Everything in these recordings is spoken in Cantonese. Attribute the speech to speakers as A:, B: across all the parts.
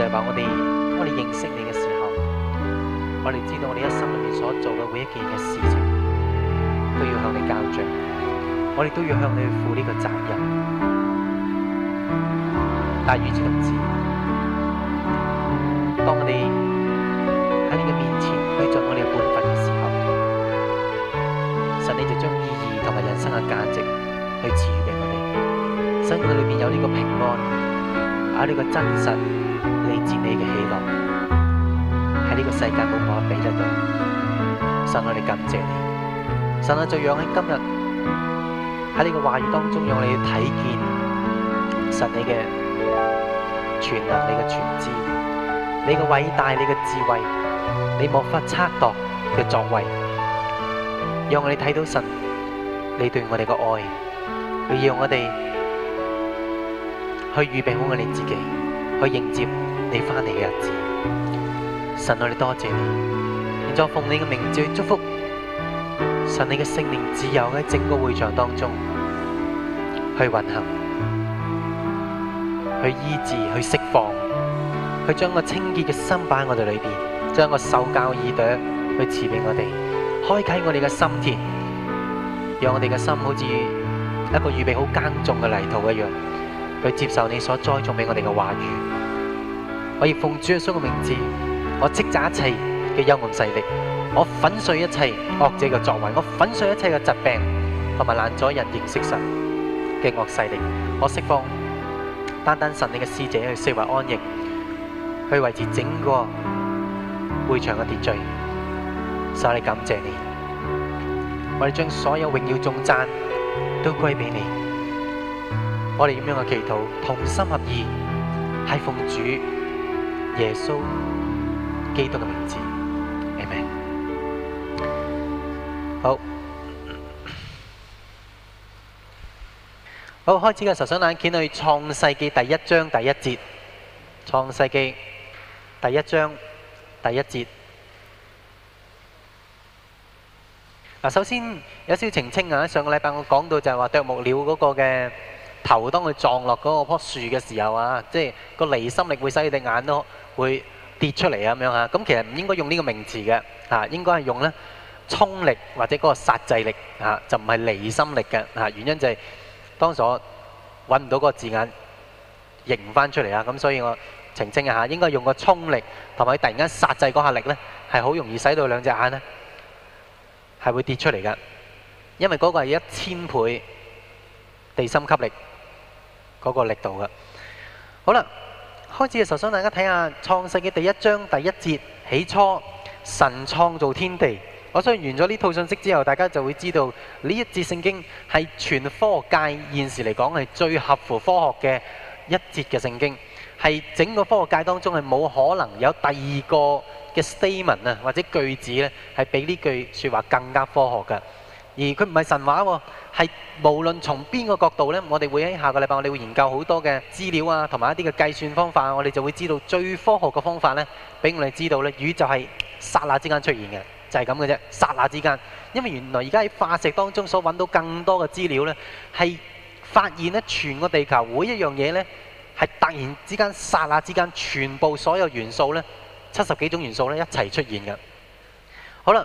A: 就係話我哋當我哋認識你嘅時候，我哋知道我哋一生裏面所做嘅每一件嘅事情，都要向你交賬，我哋都要向你去負呢個責任。但與此同時，當我哋喺你嘅面前去盡我哋嘅本分嘅時候，神你就將意義同埋人生嘅價值去賜予俾我哋，使我哋裏邊有呢個平安啊呢個真實。自你賜你嘅喜樂喺呢個世界冇法比得到，神我哋感謝你，神啊，就讓喺今日喺你嘅話語當中，讓你哋睇見神你嘅全能，你嘅全知，你嘅偉大，你嘅智慧，你莫法測度嘅壯偉，讓我哋睇到神你對我哋嘅愛，你要我哋去預備好我哋自己。去迎接你返嚟嘅日子，神我哋多謝你，現在奉你嘅名字去祝福，神你嘅聖靈自由喺整個會場當中去運行，去醫治，去釋放，去將個清潔嘅心擺喺我哋裏邊，將個受教耳朵去賜俾我哋，開啟我哋嘅心田，讓我哋嘅心好似一個預備好耕種嘅泥土一樣。去接受你所栽種俾我哋嘅話語，我要奉主耶穌嘅名字，我斥責一切嘅幽暗勢力，我粉碎一切惡者嘅作為，我粉碎一切嘅疾病同埋攔阻人認識神嘅惡勢力，我釋放單單神你嘅使者去四圍安逸，去維持整個會場嘅秩序。所以感謝你，我哋將所有榮耀頌讚都歸俾你。我哋點樣嘅祈禱，同心合意，係奉主耶穌基督嘅名字，你明？好，好，開始嘅時候眼見去創世記第一章第一節。創世記第一章第一節。嗱，首先有少少澄清啊！上個禮拜我講到就係話啄木鳥嗰個嘅。頭當佢撞落嗰個棵樹嘅時候啊，即係個離心力會使你隻眼都會跌出嚟啊，咁樣嚇。咁其實唔應該用呢個名詞嘅嚇，應該係用呢衝力或者嗰個殺制力嚇，就唔係離心力嘅嚇。原因就係當時我揾唔到嗰個字眼，形翻出嚟啊。咁所以我澄清一下，應該用個衝力同埋突然間殺制嗰下力呢，係好容易使到兩隻眼呢，係會跌出嚟嘅，因為嗰個係一千倍地心吸力。嗰個力度嘅，好啦，開始嘅時候想大家睇下創世嘅第一章第一節，起初神創造天地。我相信完咗呢套信息之後，大家就會知道呢一節聖經係全科學界現時嚟講係最合乎科學嘅一節嘅聖經，係整個科學界當中係冇可能有第二個嘅 statement 啊或者句子咧係比呢句說話更加科學嘅。而佢唔係神話喎，係無論從邊個角度呢，我哋會喺下個禮拜，我哋會研究好多嘅資料啊，同埋一啲嘅計算方法，我哋就會知道最科學嘅方法呢，俾我哋知道呢，宇宙係剎那之間出現嘅，就係咁嘅啫，剎那之間。因為原來而家喺化石當中所揾到更多嘅資料呢，係發現呢，全個地球每一樣嘢呢，係突然之間剎那之間，全部所有元素呢，七十幾種元素呢，一齊出現嘅。好啦。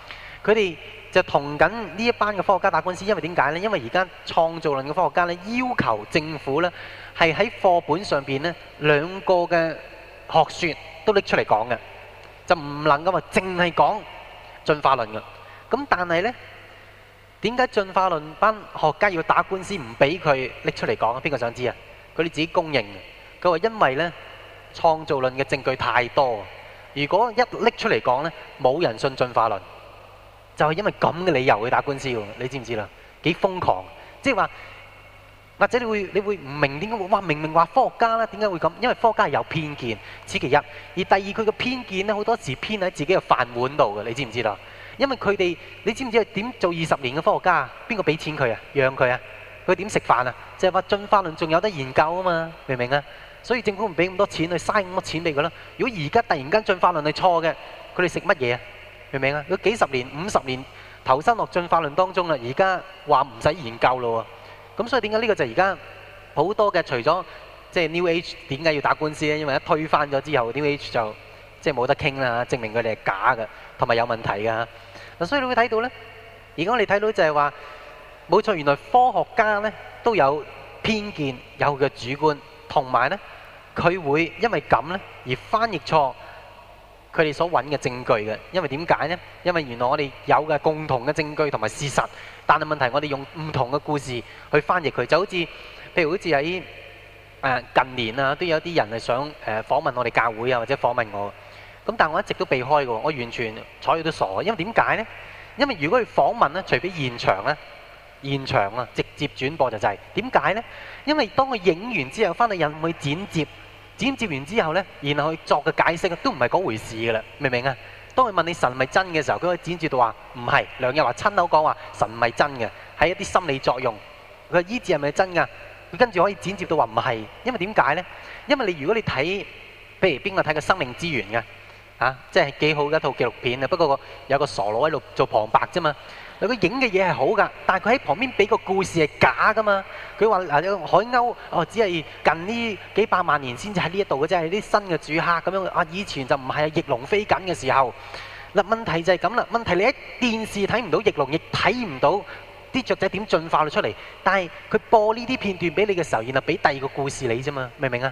A: 佢哋就同緊呢一班嘅科學家打官司，因為點解咧？因為而家創造論嘅科學家咧，要求政府咧係喺課本上邊咧兩個嘅學説都拎出嚟講嘅，就唔能夠話，淨係講進化論嘅。咁但係咧，點解進化論班學家要打官司，唔俾佢拎出嚟講啊？邊個想知啊？佢哋自己公認嘅，佢話因為咧創造論嘅證據太多，如果一拎出嚟講咧，冇人信進化論。就係因為咁嘅理由去打官司喎，你知唔知啦？幾瘋狂，即係話，或者你會你會唔明點解會哇？明明話科學家咧，點解會咁？因為科學家係有偏見，此其一；而第二，佢個偏見咧，好多時偏喺自己嘅飯碗度嘅，你知唔知啦？因為佢哋，你知唔知點做二十年嘅科學家？邊個俾錢佢啊？養佢啊？佢點食飯啊？即係話進化論仲有得研究啊嘛？明唔明啊？所以政府唔俾咁多錢，你嘥咁多錢俾佢啦。如果而家突然間進化論係錯嘅，佢哋食乜嘢啊？明唔明啊？佢幾十年、五十年投身落進化論當中啦，而家話唔使研究咯喎。咁所以點解呢個就係而家好多嘅？除咗即係 New Age 點解要打官司咧？因為一推翻咗之後，New Age 就即係冇得傾啦，證明佢哋係假嘅，同埋有，有問題㗎。嗱，所以你會睇到咧，而家我哋睇到就係話冇錯，原來科學家咧都有偏見、有佢嘅主觀，同埋咧佢會因為咁咧而翻譯錯。佢哋所揾嘅證據嘅，因為點解呢？因為原來我哋有嘅共同嘅證據同埋事實，但係問題是我哋用唔同嘅故事去翻譯佢，就好似譬如好似喺、呃、近年啊，都有啲人係想誒訪、呃、問我哋教會啊，或者訪問我，咁但我一直都避開嘅，我完全坐喺度都傻，因為點解呢？因為如果去訪問呢，除非現場呢，現場啊，直接轉播就係點解呢？因為當佢影完之後，翻嚟人會剪接。剪接完之後呢，然後佢作個解釋都唔係嗰回事嘅啦，明唔明啊？當佢問你神係真嘅時候，佢可以剪接到話唔係。梁日華親口講話神唔係真嘅，係一啲心理作用。佢醫治係咪真噶？佢跟住可以剪接到話唔係，因為點解呢？因為你如果你睇，譬如邊個睇個生命之源嘅，嚇、啊，即係幾好嘅一套紀錄片啊！不過有個傻佬喺度做旁白啫嘛。佢影嘅嘢係好噶，但係佢喺旁邊俾個故事係假噶嘛。佢話海鷗哦，只係近呢幾百萬年先至喺呢一度嘅啫，係啲新嘅住客咁樣。啊，以前就唔係翼龍飛緊嘅時候。嗱，問題就係咁啦。問題你喺電視睇唔到翼龍，亦睇唔到啲雀仔點進化到出嚟。但係佢播呢啲片段俾你嘅時候，然後俾第二個故事你啫嘛，明唔明啊？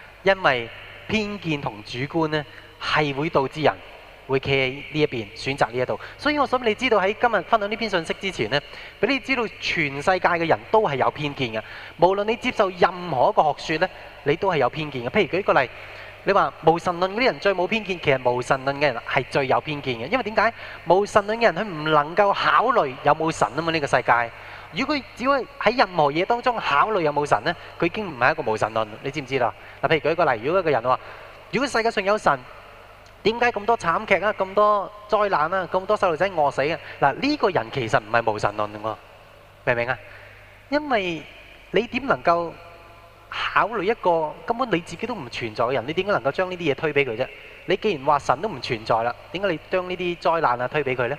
A: 因為偏見同主觀咧，係會導致人會企喺呢一邊選擇呢一度。所以我想你知道喺今日分享呢篇信息之前咧，俾你知道全世界嘅人都係有偏見嘅。無論你接受任何一個學説咧，你都係有偏見嘅。譬如舉個例，你話無神論嗰啲人最冇偏見，其實無神論嘅人係最有偏見嘅。因為點解？無神論嘅人佢唔能夠考慮有冇神啊嘛？呢個世界。如果佢只會喺任何嘢當中考慮有冇神呢，佢已經唔係一個無神論。你知唔知啦？嗱，譬如舉一個例，如果一個人話：如果世界上有神，點解咁多慘劇啊、咁多災難啊、咁多細路仔餓死啊？嗱，呢個人其實唔係無神論喎，明唔明啊？因為你點能夠考慮一個根本你自己都唔存在嘅人，你點能夠將呢啲嘢推俾佢啫？你既然話神都唔存在啦，點解你將呢啲災難啊推俾佢呢？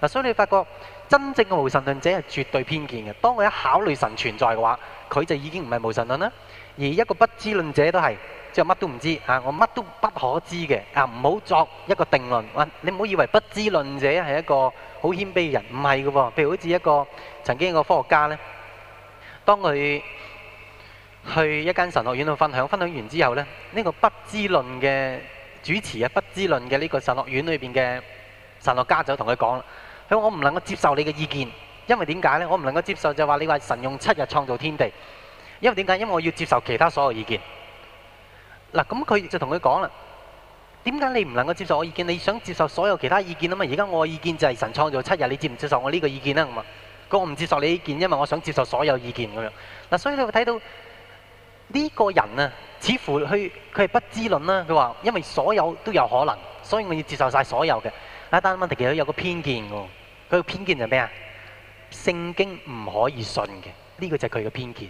A: 嗱，所以你發覺。真正嘅無神論者係絕對偏見嘅。當佢一考慮神存在嘅話，佢就已經唔係無神論啦。而一個不知論者都係即係乜都唔知啊！我乜都不可知嘅啊！唔好作一個定論。你唔好以為不知論者係一個好謙卑嘅人，唔係嘅喎。譬如好似一個曾經一個科學家呢，當佢去一間神學院度分享，分享完之後呢，呢個不知論嘅主持啊，不知論嘅呢個神學院裏邊嘅神學家就同佢講。佢，我唔能夠接受你嘅意見，因為點解呢？我唔能夠接受就係話你話神用七日創造天地，因為點解？因為我要接受其他所有意見。嗱，咁佢就同佢講啦，點解你唔能夠接受我意見？你想接受所有其他意見啊嘛？而家我嘅意見就係神創造七日，你接唔接受我呢個意見啊？咁啊，我唔接受你意見，因為我想接受所有意見咁樣。嗱，所以你會睇到呢個人啊，似乎去佢係不知論啦。佢話，因為所有都有可能，所以我要接受晒所有嘅。但係問題其實有個偏見喎。佢嘅偏見就咩啊？聖經唔可以信嘅，呢、這個就係佢嘅偏見。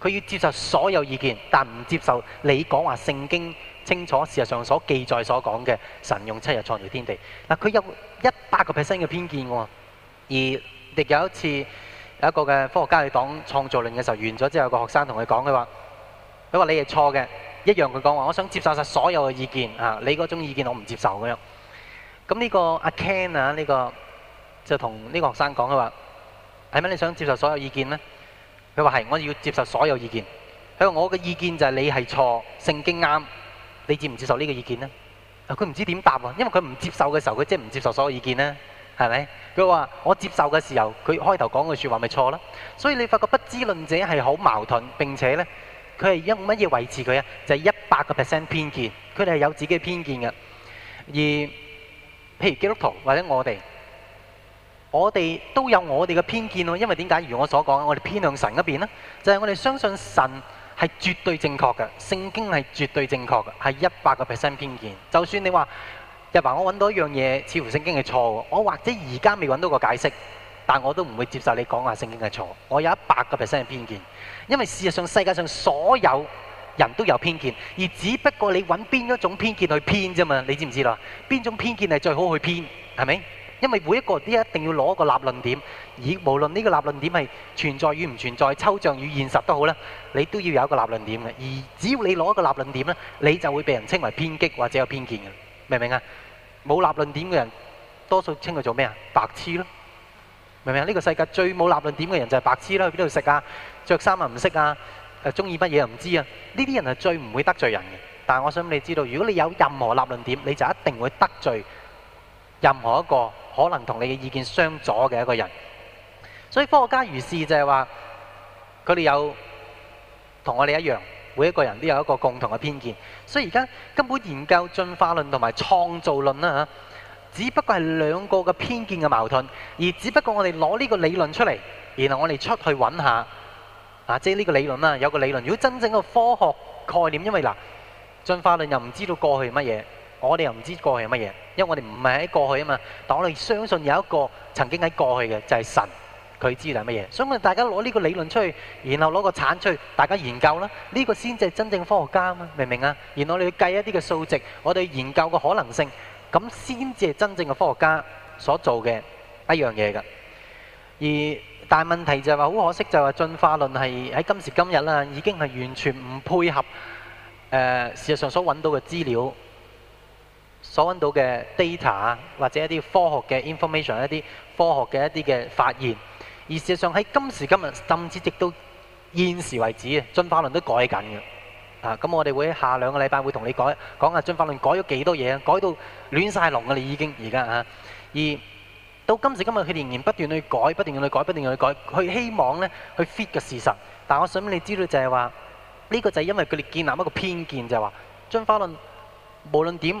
A: 佢要接受所有意見，但唔接受你講話聖經清楚事實上所記載所講嘅神用七日創造天地。嗱，佢有一百個 percent 嘅偏見喎。而亦有一次有一個嘅科學家去講創造論嘅時候，完咗之後有一個學生同佢講，佢話：佢話你係錯嘅，一樣佢講話，我想接受晒所有嘅意見啊！你嗰種意見我唔接受咁樣。咁、這、呢個阿 Ken 啊，呢個。就同呢個學生講佢話：係咪你想接受所有意見呢？他說」佢話係，我要接受所有意見。佢話我嘅意見就係你係錯，聖經啱。你接唔接受呢個意見呢？佢唔知點答喎，因為佢唔接受嘅時候，佢即係唔接受所有意見呢？係咪？佢話我接受嘅時候，佢開頭講嘅説話咪錯啦。所以你發覺不知論者係好矛盾，並且呢，佢係因乜嘢維持佢啊？就係一百個 percent 偏見，佢哋係有自己嘅偏見嘅。而譬如基督徒或者我哋。我哋都有我哋嘅偏見喎，因為點解？如我所講，我哋偏向神嗰邊呢，就係我哋相信神係絕對正確嘅，聖經係絕對正確嘅，係一百個 percent 偏見。就算你話日華，我揾到一樣嘢，似乎聖經係錯喎，我或者而家未揾到個解釋，但我都唔會接受你講話聖經係錯。我有一百個 percent 嘅偏見，因為事實上世界上所有人都有偏見，而只不過你揾邊一種偏見去偏啫嘛？你知唔知啦？邊種偏見係最好去偏？係咪？因為每一個人都一定要攞一個立論點，而無論呢個立論點係存在與唔存在、抽象與現實都好咧，你都要有一個立論點嘅。而只要你攞一個立論點咧，你就會被人稱為偏激或者有偏見嘅，明唔明啊？冇立論點嘅人，多數稱佢做咩啊？白痴咯，明唔明啊？呢個世界最冇立論點嘅人就係白痴啦！去邊度食啊？著衫啊？唔識啊？誒中意乜嘢又唔知啊？呢啲人係最唔會得罪人嘅。但係我想你知道，如果你有任何立論點，你就一定會得罪任何一個。可能同你嘅意見相左嘅一個人，所以科學家如是就係話，佢哋有同我哋一樣，每一個人都有一個共同嘅偏見。所以而家根本研究進化論同埋創造論啦嚇，只不過係兩個嘅偏見嘅矛盾，而只不過我哋攞呢個理論出嚟，然後我哋出去揾下啊，即係呢個理論啦，有個理論。如果真正嘅科學概念，因為嗱，進化論又唔知道過去係乜嘢，我哋又唔知過去係乜嘢。因為我哋唔係喺過去啊嘛，但我哋相信有一個曾經喺過去嘅就係神，佢知道係乜嘢。所以我哋大家攞呢個理論出去，然後攞個產出去，大家研究啦。呢個先至係真正科學家啊嘛，明唔明啊？然後你要計一啲嘅數值，我哋研究個可能性，咁先至係真正嘅科學家所做嘅一樣嘢㗎。而大問題就係話，好可惜就係進化論係喺今時今日啦，已經係完全唔配合誒事實上所揾到嘅資料。所揾到嘅 data 啊，或者一啲科學嘅 information，一啲科學嘅一啲嘅發現，而事實上喺今時今日，甚至直到現時為止啊，進化論都改緊嘅。啊，咁我哋會下兩個禮拜會同你講下進化論改咗幾多嘢啊。改到亂晒龍啊！你已經而家啊，而到今時今日佢仍然不斷去改，不斷去改，不斷去改，佢希望咧去 fit 嘅事實。但我想你知道就係話，呢個就係因為佢哋建立一個偏見，就係話進化論無論點。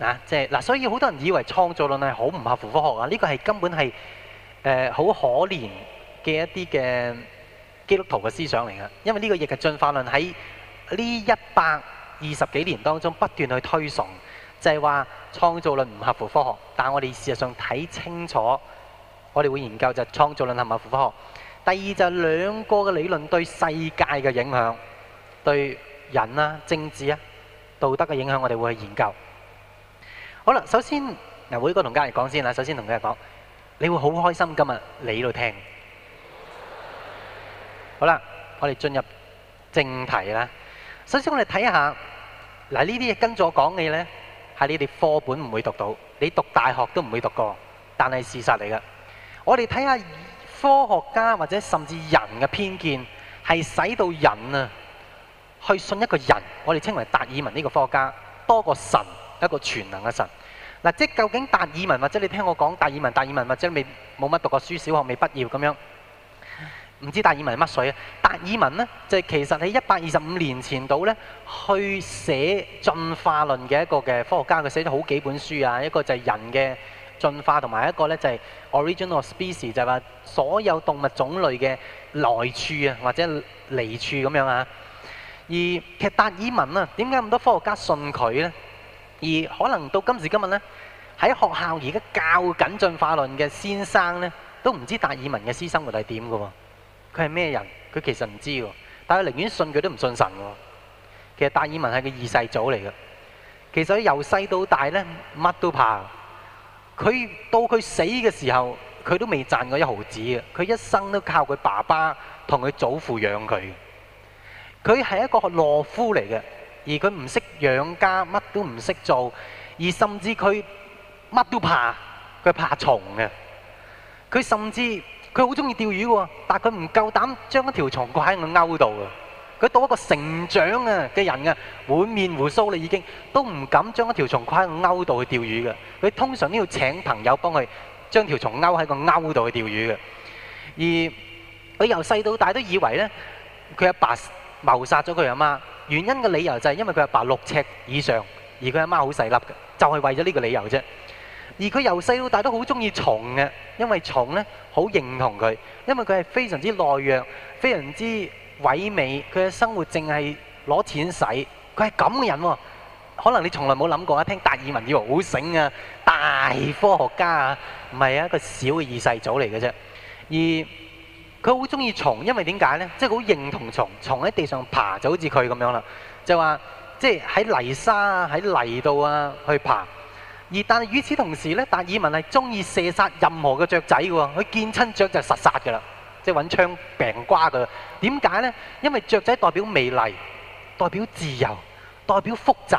A: 嗱，即係嗱，所以好多人以為創造論係好唔合乎科學啊！呢、這個係根本係誒好可憐嘅一啲嘅基督徒嘅思想嚟嘅，因為呢個亦係進化論喺呢一百二十幾年當中不斷去推崇，就係話創造論唔合乎科學。但係我哋事實上睇清楚，我哋會研究就創造論合唔合乎科學。第二就係兩個嘅理論對世界嘅影響、對人啦、啊、政治啊、道德嘅影響，我哋會去研究。好啦，首先嗱，會個同家人講先啦。首先同佢人講，你會好開心今日你度聽。好啦，我哋進入正題啦。首先我哋睇下嗱，呢啲嘢跟住我講嘅咧，喺你哋課本唔會讀到，你讀大學都唔會讀過，但係事實嚟㗎。我哋睇下科學家或者甚至人嘅偏見，係使到人啊去信一個人，我哋稱為達爾文呢個科學家多過神。一個全能嘅神嗱、啊，即究竟達爾文或者你聽我講達爾文，達爾文或者未冇乜讀過書，小學未畢業咁樣，唔知達爾文係乜水啊？達爾文呢，就係、是、其實喺一百二十五年前度呢，去寫進化論嘅一個嘅科學家，佢寫咗好幾本書啊。一個就係人嘅進化，同埋一個呢就係 original species，就係話所有動物種類嘅來處啊，或者嚟處咁樣啊。而其實達爾文啊，點解咁多科學家信佢呢？而可能到今時今日呢，喺學校而家教緊進化論嘅先生呢，都唔知達爾文嘅私生活係點嘅喎。佢係咩人？佢其實唔知嘅，但係佢寧願信佢都唔信神嘅。其實達爾文係個二世祖嚟嘅。其實由細到大呢，乜都怕。佢到佢死嘅時候，佢都未賺過一毫子嘅。佢一生都靠佢爸爸同佢祖父養佢。佢係一個懦夫嚟嘅。而佢唔識養家，乜都唔識做，而甚至佢乜都怕，佢怕蟲嘅。佢甚至佢好中意釣魚喎，但佢唔夠膽將一條蟲掛喺個鈎度嘅。佢到一個成長啊嘅人啊，滿面胡鬚啦，已經都唔敢將一條蟲掛喺個鈎度去釣魚嘅。佢通常都要請朋友幫佢將條蟲鈎喺個鈎度去釣魚嘅。而佢由細到大都以為呢，佢阿爸謀殺咗佢阿媽，原因嘅理由就係因為佢阿爸六尺以上，而佢阿媽好細粒嘅，就係、是、為咗呢個理由啫。而佢由細到大都好中意蟲嘅，因為蟲呢好認同佢，因為佢係非常之懦弱、非常之萎靡，佢嘅生活淨係攞錢使，佢係咁嘅人喎、哦。可能你從來冇諗過啊，一聽達爾文以為好醒啊，大科學家啊，唔係啊，一個小嘅二世祖嚟嘅啫。而佢好中意蟲，因為點解呢？即係好認同蟲，蟲喺地上爬就好似佢咁樣啦。就話即係喺泥沙啊、喺泥度啊去爬。而但係與此同時呢，達爾文係中意射殺任何嘅雀仔喎。佢見親雀就實殺嘅啦，即係揾槍病瓜嘅。點解呢？因為雀仔代表美麗、代表自由、代表複雜、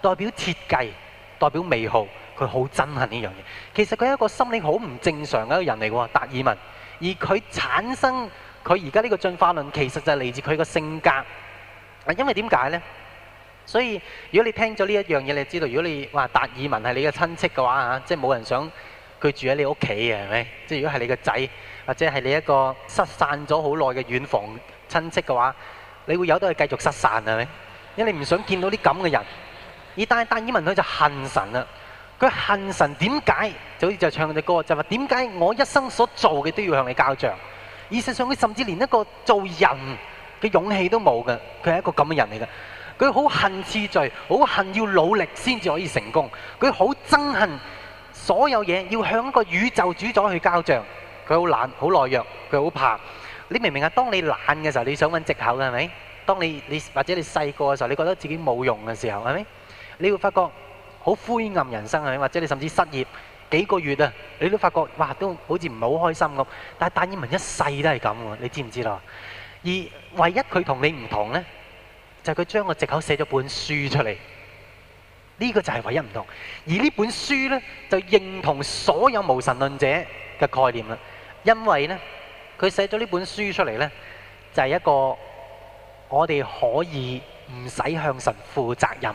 A: 代表設計、代表美好。佢好憎恨呢樣嘢。其實佢係一個心理好唔正常嘅一個人嚟嘅喎，達爾文。而佢產生佢而家呢個進化論，其實就係嚟自佢個性格。啊，因為點解呢？所以如果你聽咗呢一樣嘢，你知道，如果你話達爾文係你嘅親戚嘅話嚇，即係冇人想佢住喺你屋企嘅，係咪？即係如果係你個仔，或者係你一個失散咗好耐嘅遠房親戚嘅話，你會有得佢繼續失散係咪？因為你唔想見到啲咁嘅人。而但係達爾文佢就恨神啦。佢恨神點解？就好似就唱隻歌，就話點解我一生所做嘅都要向你交賬？事實上，佢甚至連一個做人嘅勇氣都冇嘅。佢係一個咁嘅人嚟嘅。佢好恨次序，好恨要努力先至可以成功。佢好憎恨所有嘢，要向一個宇宙主宰去交賬。佢好懶，好懦弱，佢好怕。你明唔明，當你懶嘅時候，你想揾藉口嘅係咪？當你你或者你細個嘅時候，你覺得自己冇用嘅時候係咪？你會發覺。好灰暗人生啊，或者你甚至失業幾個月啊，你都發覺哇，都好似唔係好開心咁。但係達爾文一世都係咁喎，你知唔知道啊？而唯一佢同你唔同呢，就係佢將個藉口寫咗本書出嚟。呢個就係唯一唔同。而呢本書呢，就認同所有無神論者嘅概念啦。因為呢，佢寫咗呢本書出嚟呢，就係一個我哋可以唔使向神負責任。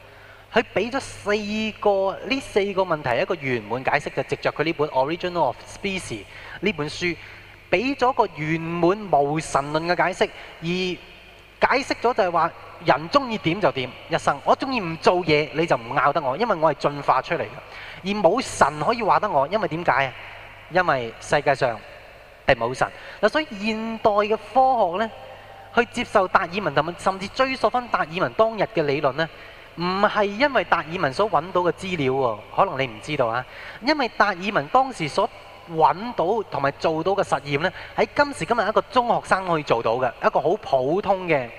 A: 佢俾咗四個，呢四個問題，一個圓滿解釋，就藉、是、着佢呢本《Original of Species》呢本書，俾咗個圓滿無神論嘅解釋，而解釋咗就係話：人中意點就點，一生我中意唔做嘢你就唔拗得我，因為我係進化出嚟嘅，而冇神可以話得我，因為點解啊？因為世界上係冇神嗱，所以現代嘅科學呢，去接受達爾文同甚至追溯翻達爾文當日嘅理論呢。唔係因為達爾文所揾到嘅資料喎、哦，可能你唔知道啊。因為達爾文當時所揾到同埋做到嘅實驗呢，喺今時今日一個中學生可以做到嘅一個好普通嘅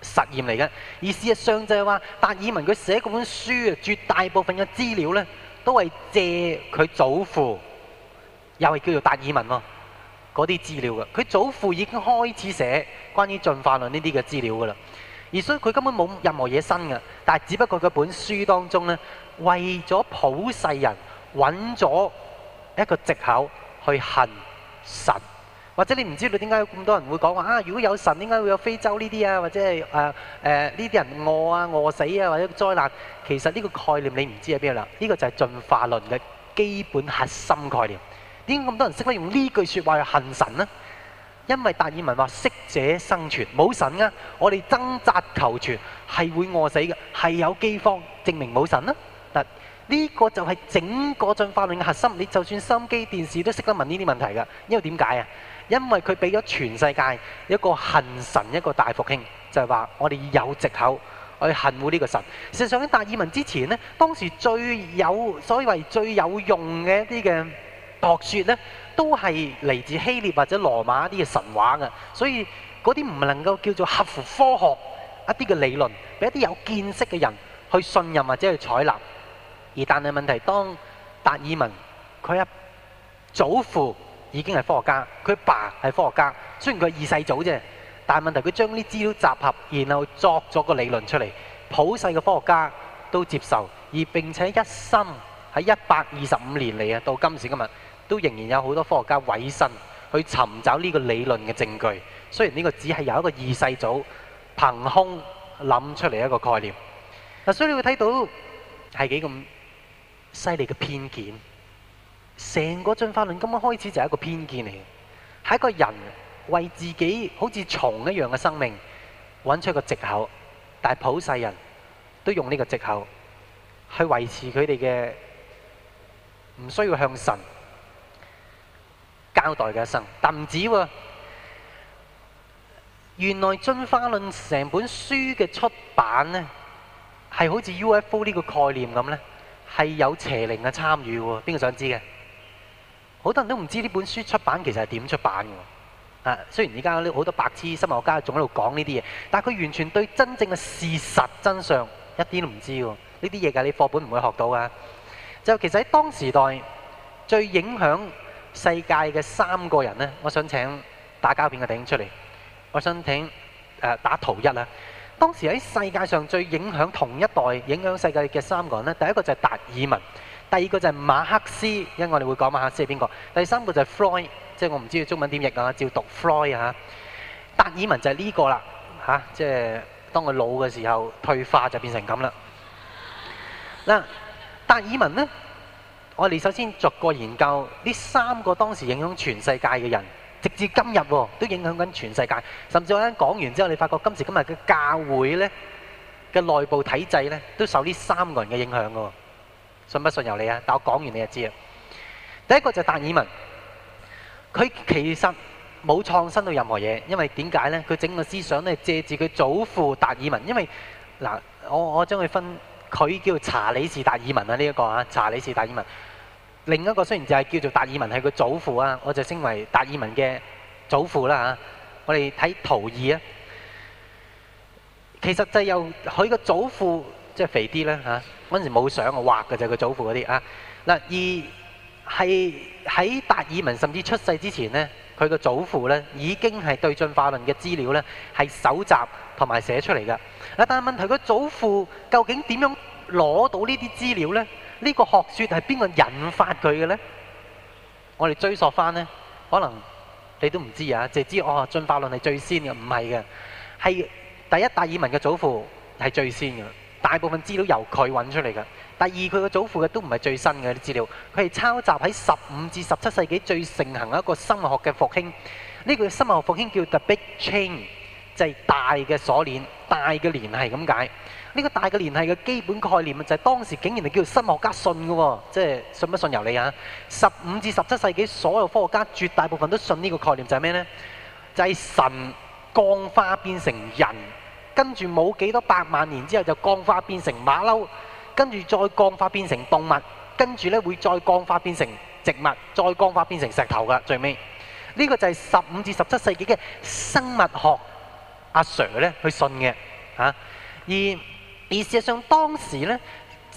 A: 實驗嚟嘅。而事實上就係話，達爾文佢寫嗰本書啊，絕大部分嘅資料呢，都係借佢祖父，又係叫做達爾文咯、哦，嗰啲資料噶。佢祖父已經開始寫關於進化論呢啲嘅資料噶啦。而所以佢根本冇任何嘢新嘅，但係只不過，佢本書當中咧，為咗普世人揾咗一個借口去恨神，或者你唔知道點解咁多人會講話啊，如果有神，點解會有非洲呢啲、呃呃、啊、啊，或者係誒誒呢啲人餓啊、餓死啊或者災難。其實呢個概念你唔知係邊啦。呢、這個就係進化論嘅基本核心概念。點解咁多人識得用呢句說話去恨神呢？因為達爾文話適者生存，冇神啊！我哋掙扎求存係會餓死嘅，係有饑荒，證明冇神啦。嗱，呢個就係整個進化論嘅核心。你就算心機電視都識得問呢啲問題㗎。因為點解啊？因為佢俾咗全世界一個恨神一個大復興，就係話我哋有藉口去恨呢個神。事實上喺達爾文之前呢，當時最有所謂最有用嘅一啲嘅學説呢。都係嚟自希臘或者羅馬啲嘅神話嘅，所以嗰啲唔能夠叫做合乎科學一啲嘅理論，俾一啲有見識嘅人去信任或者去採納。而但係問題，當達爾文佢阿祖父已經係科學家，佢爸係科學家，雖然佢係二世祖啫，但係問題佢將啲資料集合，然後作咗個理論出嚟，普世嘅科學家都接受，而並且一生喺一百二十五年嚟啊，到今時今日。都仍然有好多科學家委身去尋找呢個理論嘅證據。雖然呢個只係由一個二世祖憑空諗出嚟一個概念。嗱，所以你會睇到係幾咁犀利嘅偏見。成個進化論今日開始就係一個偏見嚟嘅，係一個人為自己好似蟲一樣嘅生命揾出一個藉口，但係普世人都用呢個藉口去維持佢哋嘅唔需要向神。交代嘅一生，但唔止喎。原來《進化論》成本書嘅出版呢，係好似 UFO 呢個概念咁呢，係有邪靈嘅參與喎。邊個想知嘅？好多人都唔知呢本書出版其實係點出版嘅。啊，雖然而家呢好多白痴新聞學家仲喺度講呢啲嘢，但係佢完全對真正嘅事實真相一啲都唔知喎。呢啲嘢㗎，你課本唔會學到㗎。就其實喺當時代最影響世界嘅三個人呢，我想請打膠片嘅頂出嚟，我想請誒、呃、打圖一啊。當時喺世界上最影響同一代、影響世界嘅三個人呢，第一個就係達爾文，第二個就係馬克思，因為我哋會講馬克思係邊個？第三個就係 Freud，即係我唔知佢中文點譯啊，照讀 Freud 嚇。達爾文就係呢個啦嚇，即係當佢老嘅時候退化就變成咁啦。嗱，達爾文呢。我哋首先逐個研究呢三個當時影響全世界嘅人，直至今日喎都影響緊全世界。甚至我啱講完之後，你發覺今時今日嘅教會咧嘅內部體制咧，都受呢三個人嘅影響噶。信不信由你啊！但係我講完你就知啦。第一個就係達爾文，佢其實冇創新到任何嘢，因為點解咧？佢整個思想咧，借住佢祖父達爾文，因為嗱，我我將佢分。佢叫查理士達爾文啊，呢、這、一個啊，查理士達爾文。另一個雖然就係叫做達爾文，係佢祖父啊，我就稱為達爾文嘅祖父啦嚇。我哋睇圖二啊，其實就又佢個祖父即係肥啲啦。嚇。嗰陣時冇相，我畫嘅就係、是、佢祖父嗰啲啊。嗱，而係喺達爾文甚至出世之前咧。佢個祖父呢，已經係對進化論嘅資料呢，係搜集同埋寫出嚟㗎。啊，但係問題佢祖父究竟點樣攞到呢啲資料呢？呢個學説係邊個引發佢嘅呢？我哋追索翻呢，可能你都唔知啊，淨知哦，進化論係最先嘅，唔係嘅，係第一達爾文嘅祖父係最先嘅，大部分資料由佢揾出嚟嘅。第二佢個祖父嘅都唔係最新嘅啲資料，佢係抄襲喺十五至十七世紀最盛行的一個生物學嘅復興。呢個生物學復興叫 the big chain，就係大嘅鎖鏈、大嘅連係咁解。呢個大嘅連係嘅基本概念就係當時竟然係叫做生物學家信嘅喎，即係信不信由你啊！十五至十七世紀所有科學家絕大部分都信呢個概念就係咩呢？就係神降化變成人，跟住冇幾多百萬年之後就降化變成馬騮。跟住再降化變成動物，跟住咧會再降化變成植物，再降化變成石頭。噶最尾。呢、這個就係十五至十七世紀嘅生物學阿、啊、Sir 咧去信嘅嚇、啊，而而事實上當時咧。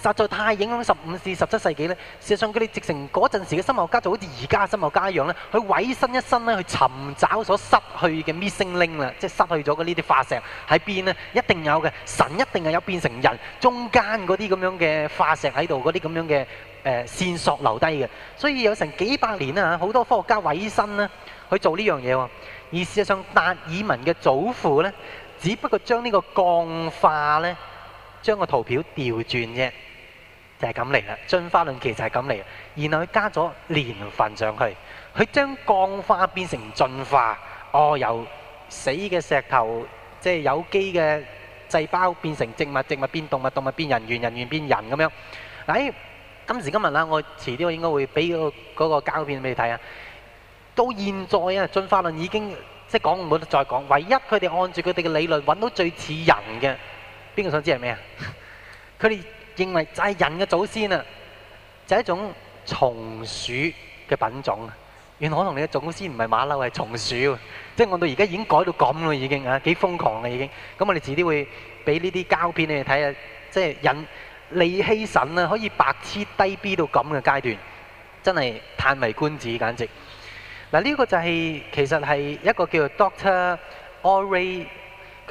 A: 實在太影響十五至十七世紀呢事實上，佢哋直成嗰陣時嘅生物學家就好似而家嘅生物學家一樣呢去毀身一身呢去尋找所失去嘅 missing link 啦，即係失去咗嘅呢啲化石喺邊呢？一定有嘅，神一定係有變成人中間嗰啲咁樣嘅化石喺度，嗰啲咁樣嘅誒、呃、線索留低嘅。所以有成幾百年啦，好多科學家毀身呢去做呢樣嘢喎。而事實上，達爾文嘅祖父呢，只不過將呢個降化呢，將個圖表調轉啫。就係咁嚟啦，進化論其實係咁嚟，然後佢加咗年份上去，佢將降化變成進化，哦，由死嘅石頭，即係有機嘅細胞變成植物，植物變動物，動物變人猿，人猿變人咁樣。嗱、哎，今時今日啦，我遲啲我應該會俾個嗰個膠片俾你睇啊。到現在啊，進化論已經即係講唔好再講，唯一佢哋按住佢哋嘅理論揾到最似人嘅，邊個想知係咩啊？佢哋。認為就係人嘅祖先啊，就係一種松鼠嘅品種啊！原來我同你嘅祖先唔係馬騮，係松鼠啊！即係我到而家已經改到咁啦，已經啊幾瘋狂啦，已經咁我哋遲啲會俾呢啲膠片你哋睇啊！即係人利希慎啦，可以白痴低 B 到咁嘅階段，真係歎為觀止，簡直。嗱，呢個就係，其實係一個叫做 Doctor Oray。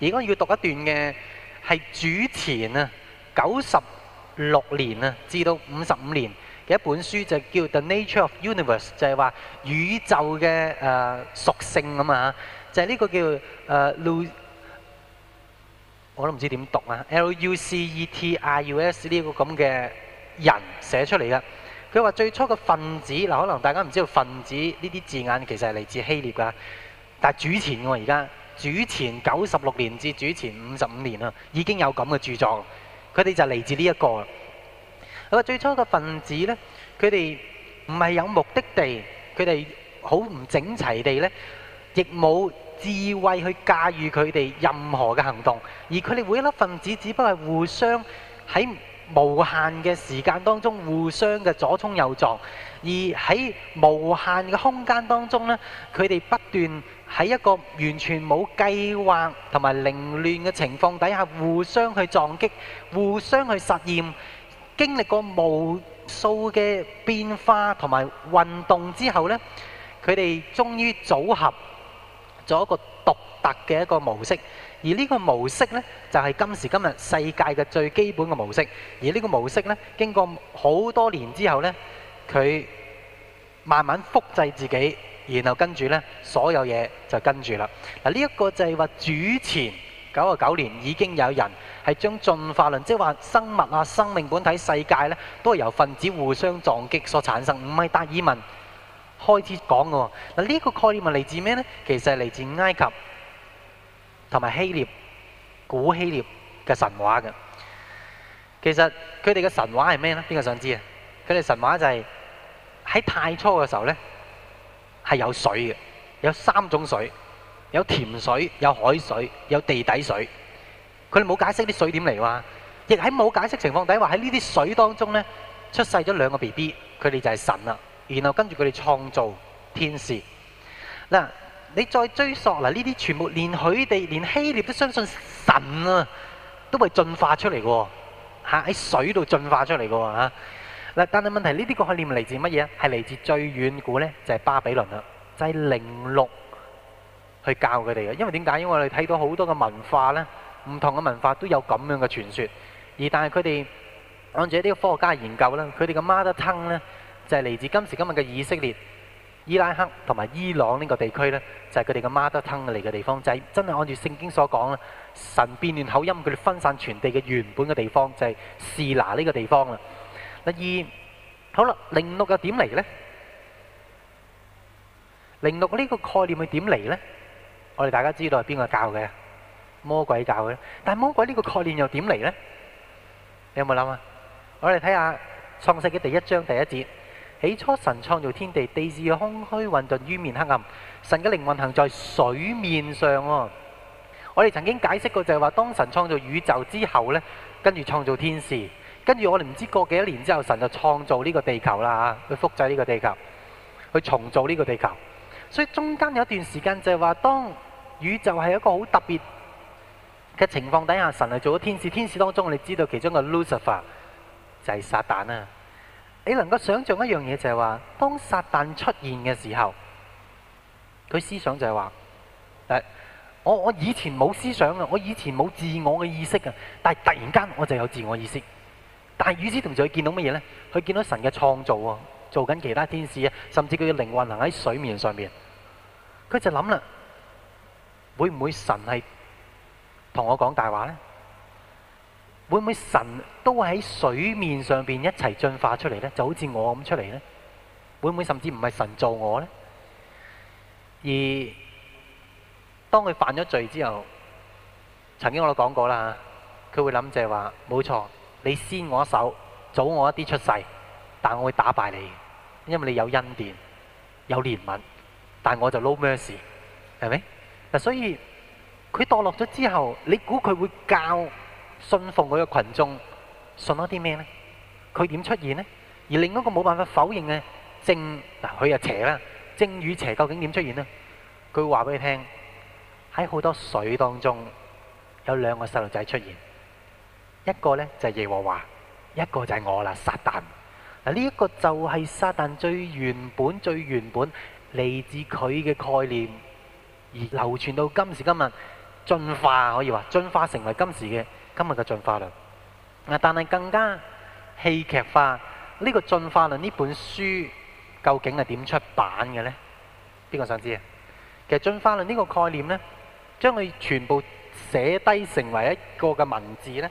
A: 而家要讀一段嘅係主前啊九十六年啊，至到五十五年嘅一本書就叫《The Nature of Universe》，就係話宇宙嘅誒屬性咁啊，就係呢個叫誒 Luc，我都唔知點讀啊，L U C E T R U S 呢個咁嘅人寫出嚟噶。佢話最初嘅分子嗱，可能大家唔知道分子呢啲字眼其實係嚟自希臘噶，但係主前喎而家。主前九十六年至主前五十五年啦，已經有咁嘅著作，佢哋就嚟自呢一個。我話最初嘅分子咧，佢哋唔係有目的地，佢哋好唔整齊地咧，亦冇智慧去駕馭佢哋任何嘅行動，而佢哋每一粒分子只不過係互相喺無限嘅時間當中互相嘅左衝右撞，而喺無限嘅空間當中咧，佢哋不斷。喺一個完全冇計劃同埋凌亂嘅情況底下，互相去撞擊，互相去實驗，經歷過無數嘅變化同埋運動之後呢，佢哋終於組合咗一個獨特嘅一個模式。而呢個模式呢，就係今時今日世界嘅最基本嘅模式。而呢個模式呢，經過好多年之後呢，佢慢慢複製自己。然後跟住呢，所有嘢就跟住啦。嗱，呢一個就係話主前九啊九年已經有人係將進化論，即係話生物啊、生命本體世界呢，都係由分子互相撞擊所產生，唔係達爾文開始講嘅。嗱，呢個概念係嚟自咩呢？其實係嚟自埃及同埋希臘古希臘嘅神話嘅。其實佢哋嘅神話係咩呢？邊個想知啊？佢哋神話就係、是、喺太初嘅時候呢。係有水嘅，有三種水，有甜水、有海水、有地底水。佢哋冇解釋啲水點嚟㗎，亦喺冇解釋情況底下，喺呢啲水當中呢，出世咗兩個 BB，佢哋就係神啦。然後跟住佢哋創造天使。嗱，你再追溯嗱，呢啲全部連佢哋連希臘都相信神啊，都會進化出嚟㗎喎嚇，喺水度進化出嚟㗎喎嚇。但係問題是，呢啲個概念嚟自乜嘢啊？係嚟自最遠古呢，就係、是、巴比倫啦，就係、是、零六去教佢哋嘅。因為點解？因為我哋睇到好多嘅文化呢，唔同嘅文化都有咁樣嘅傳說。而但係佢哋按照一啲科學家研究呢，佢哋嘅 mother tongue 呢，就係嚟自今時今日嘅以色列、伊拉克同埋伊朗呢個地區呢，就係佢哋嘅 mother tongue 嚟嘅地方。就係、是、真係按照聖經所講咧，神變亂口音，佢哋分散全地嘅原本嘅地方，就係、是、士拿呢個地方啦。第二，好啦，零六又點嚟呢？零六呢個概念係點嚟呢？我哋大家知道係邊個教嘅？魔鬼教嘅。但係魔鬼呢個概念又點嚟呢？你有冇諗啊？我哋睇下創世嘅第一章第一節：起初神創造天地，地是空虛混沌，淵面黑暗。神嘅靈運行在水面上。我哋曾經解釋過就係話，當神創造宇宙之後呢，跟住創造天使。跟住我哋唔知過幾多年之後，神就創造呢個地球啦，啊，去複製呢個地球，去重造呢個地球。所以中間有一段時間就係話，當宇宙係一個好特別嘅情況底下，神係做咗天使。天使當中，我哋知道其中嘅 Lucifer 就係撒旦啊。你能夠想象一樣嘢就係話，當撒旦出現嘅時候，佢思想就係話：，我我以前冇思想啊，我以前冇自我嘅意識啊，但係突然間我就有自我意識。但與此同時佢見到乜嘢咧？佢見到神嘅創造喎，做緊其他天使啊，甚至佢嘅靈魂行喺水面上邊。佢就諗啦，會唔會神係同我講大話咧？會唔會神都喺水面上邊一齊進化出嚟咧？就好似我咁出嚟咧？會唔會甚至唔係神造我咧？而當佢犯咗罪之後，曾經我都講過啦吓，佢會諗就係話，冇錯。你先我一手，早我一啲出世，但我會打敗你，因為你有恩典，有憐憫，但我就撈咩事，係咪？嗱，所以佢墮落咗之後，你估佢會教信奉佢嘅群眾信咗啲咩呢？佢點出現呢？而另一個冇辦法否認嘅正嗱，佢啊邪啦，正與邪究竟點出現呢？佢話俾你聽：喺好多水當中，有兩個細路仔出現。一個呢就係、是、耶和華，一個就係我啦，撒旦。嗱呢一個就係撒旦最原本、最原本嚟自佢嘅概念，而流傳到今時今日進化可以話進化成為今時嘅今日嘅進化論。但係更加戲劇化呢、呢個進化論呢本書究竟係點出版嘅呢？邊個想知啊？其實進化論呢個概念呢，將佢全部寫低成為一個嘅文字呢。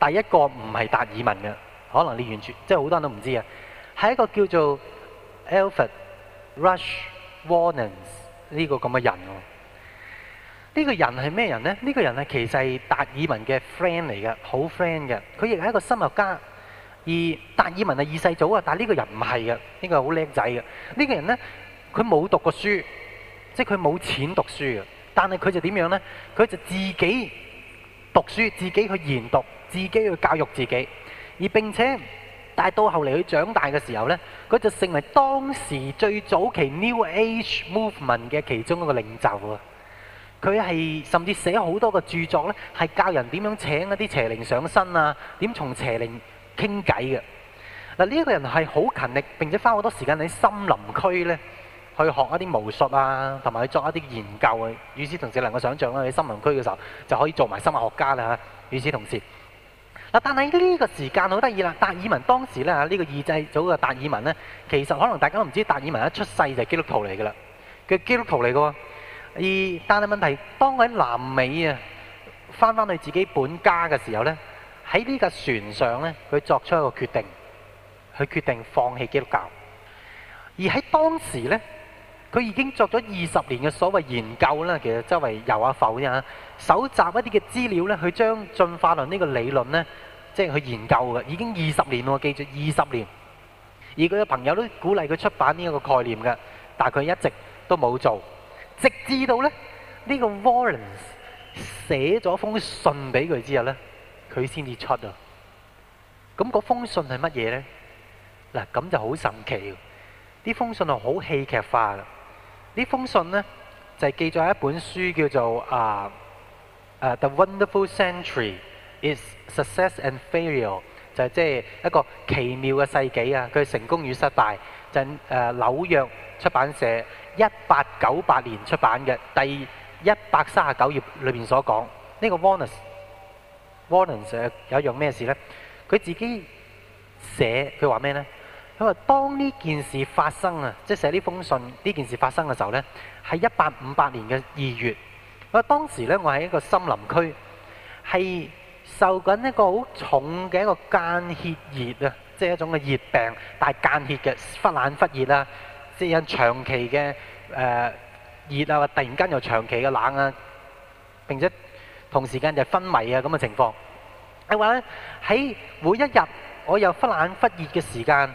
A: 第一個唔係達爾文嘅，可能你完全即係好多人都唔知啊，係一個叫做 Alfred Russel Wallace 呢個咁嘅人喎。呢個人係咩人呢？呢個人係其實達爾文嘅 friend 嚟嘅，好 friend 嘅。佢亦係一個生物學家，而達爾文係二世祖啊。但係呢個人唔係嘅，呢個好叻仔嘅。呢個人呢，佢冇讀過書，即係佢冇錢讀書嘅，但係佢就點樣呢？佢就自己，讀書，自己去研讀，自己去教育自己，而並且，但係到後嚟佢長大嘅時候呢，佢就成為當時最早期 New Age Movement 嘅其中一個領袖啊！佢係甚至寫好多個著作呢，係教人點樣請一啲邪靈上身啊，點從邪靈傾偈嘅。嗱，呢一個人係好勤力，並且花好多時間喺森林區呢。去學一啲巫術啊，同埋去作一啲研究。啊。與此同時，能夠想象啦，喺森林區嘅時候就可以做埋生物學家啦。哈！與此同時，嗱，但係呢個時間好得意啦。達爾文當時咧呢、呢個二世祖嘅達爾文呢，其實可能大家都唔知達爾文一出世就係基督徒嚟㗎啦。佢基督徒嚟㗎喎。而但係問題，當喺南美啊，翻翻去自己本家嘅時候呢，喺呢個船上呢，佢作出一個決定，佢決定放棄基督教。而喺當時呢。佢已經作咗二十年嘅所謂研究啦，其實周圍遊下浮啫，蒐集一啲嘅資料咧，去將進化論呢個理論咧，即係去研究嘅，已經二十年喎，記住二十年。而佢嘅朋友都鼓勵佢出版呢一個概念嘅，但係佢一直都冇做，直至到咧呢個沃林寫咗封信俾佢之後咧，佢先至出啊。咁嗰封信係乜嘢咧？嗱，咁就好神奇㗎。呢封信係好戲劇化啦。呢封信呢，就係、是、記咗一本書叫做《啊、uh, uh, The Wonderful Century Is Success and Failure》，就係即係一個奇妙嘅世紀啊，佢成功與失敗，就係、是 uh, 紐約出版社一八九八年出版嘅第一百三十九頁裏面所講。呢、這個 Wallace Wallace 有一樣咩事呢？佢自己寫佢話咩呢？佢話：當呢件事發生啊，即係寫呢封信，呢件事發生嘅時候呢，係一八五八年嘅二月。我當時咧，我喺一個森林區，係受緊一個好重嘅一個間歇熱啊，即係一種嘅熱病，但係間歇嘅忽冷忽熱啊，即係因長期嘅誒熱啊，突然間又長期嘅冷啊，並且同時間就昏迷啊咁嘅情況。佢話咧，喺每一日我有忽冷忽熱嘅時間。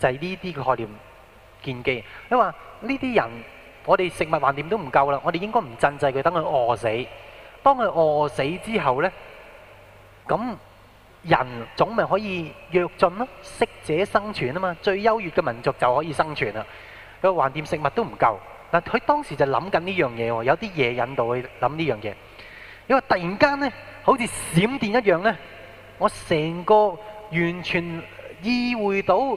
A: 就係呢啲概念建基。你話呢啲人，我哋食物橫掂都唔夠啦，我哋應該唔鎮制佢，等佢餓死。當佢餓死之後咧，咁人種咪可以躍進咯？適者生存啊嘛！最優越嘅民族就可以生存啦。佢橫掂食物都唔夠，嗱佢當時就諗緊呢樣嘢喎，有啲嘢引導佢諗呢樣嘢。因為突然間咧，好似閃電一樣咧，我成個完全意會到。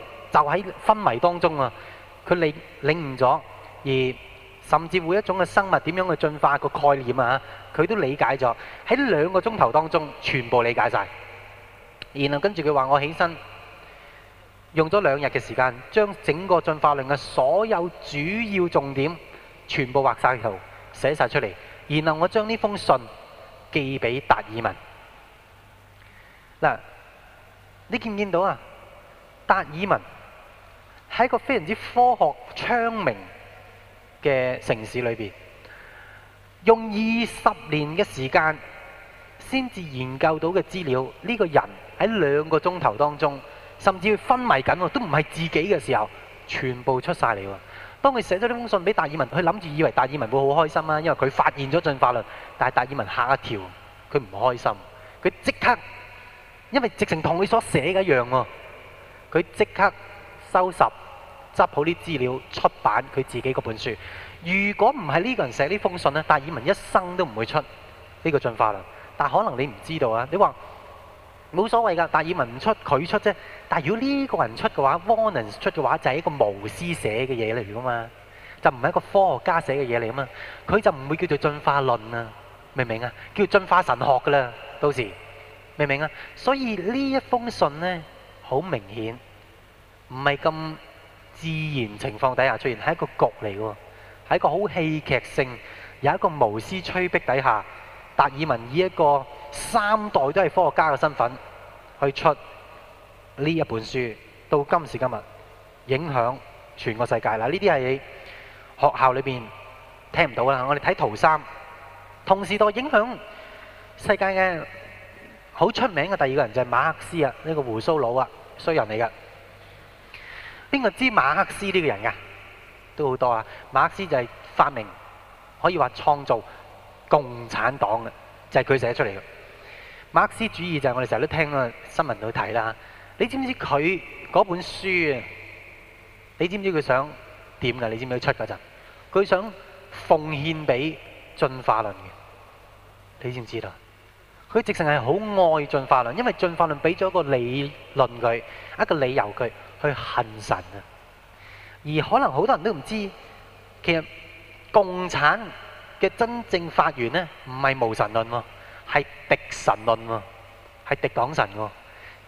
A: 就喺昏迷當中啊！佢領悟咗，而甚至每一種嘅生物點樣去進化個概念啊，佢都理解咗。喺兩個鐘頭當中，全部理解曬。然後跟住佢話：我起身，用咗兩日嘅時間，將整個進化論嘅所有主要重點，全部畫曬圖，寫曬出嚟。然後我將呢封信寄俾達爾文。嗱，你見唔見到啊？達爾文。喺個非常之科學昌明嘅城市裏邊，用二十年嘅時間先至研究到嘅資料，呢個人喺兩個鐘頭當中，甚至佢昏迷緊喎，都唔係自己嘅時候，全部出曬嚟喎。當佢寫咗呢封信俾達爾文，佢諗住以為達爾文會好開心啊，因為佢發現咗進化論，但係達爾文嚇一跳，佢唔開心，佢即刻，因為直情同佢所寫嘅一樣喎，佢即刻。收拾、執好啲資料出版佢自己嗰本書。如果唔係呢個人寫呢封信呢，達爾文一生都唔會出呢個進化論。但可能你唔知道啊，你話冇所謂噶，達爾文唔出佢出啫。但如果呢個人出嘅話，沃恩斯出嘅話，就係、是、一個巫師寫嘅嘢嚟噶嘛，就唔係一個科學家寫嘅嘢嚟噶嘛。佢就唔會叫做進化論啊，明唔明啊？叫進化神學噶啦，到時明唔明啊？所以呢一封信呢，好明顯。唔係咁自然情況底下出現，係一個局嚟嘅喎，係一個好戲劇性，有一個無私催逼底下，達爾文以一個三代都係科學家嘅身份去出呢一本書，到今時今日影響全個世界啦！呢啲係學校裏邊聽唔到啦。我哋睇圖三，同時代影響世界嘅好出名嘅第二個人就係、是、馬克思啊，呢、這個鬍鬚佬啊衰人嚟㗎。邊個知馬克思呢個人噶？都好多啊！馬克思就係發明，可以話創造共產黨嘅，就係佢寫出嚟嘅。馬克思主義就係我哋成日都聽啊，新聞去睇啦。你知唔知佢嗰本書啊？你知唔知佢想點噶？你知唔知佢出嗰陣？佢想奉獻俾進化論嘅，你知唔知道？佢直情係好愛進化論，因為進化論俾咗個理論佢，一個理由佢。去恨神啊！而可能好多人都唔知，其實共產嘅真正發源呢，唔係無神論喎，係敵神論喎，係敵擋神喎，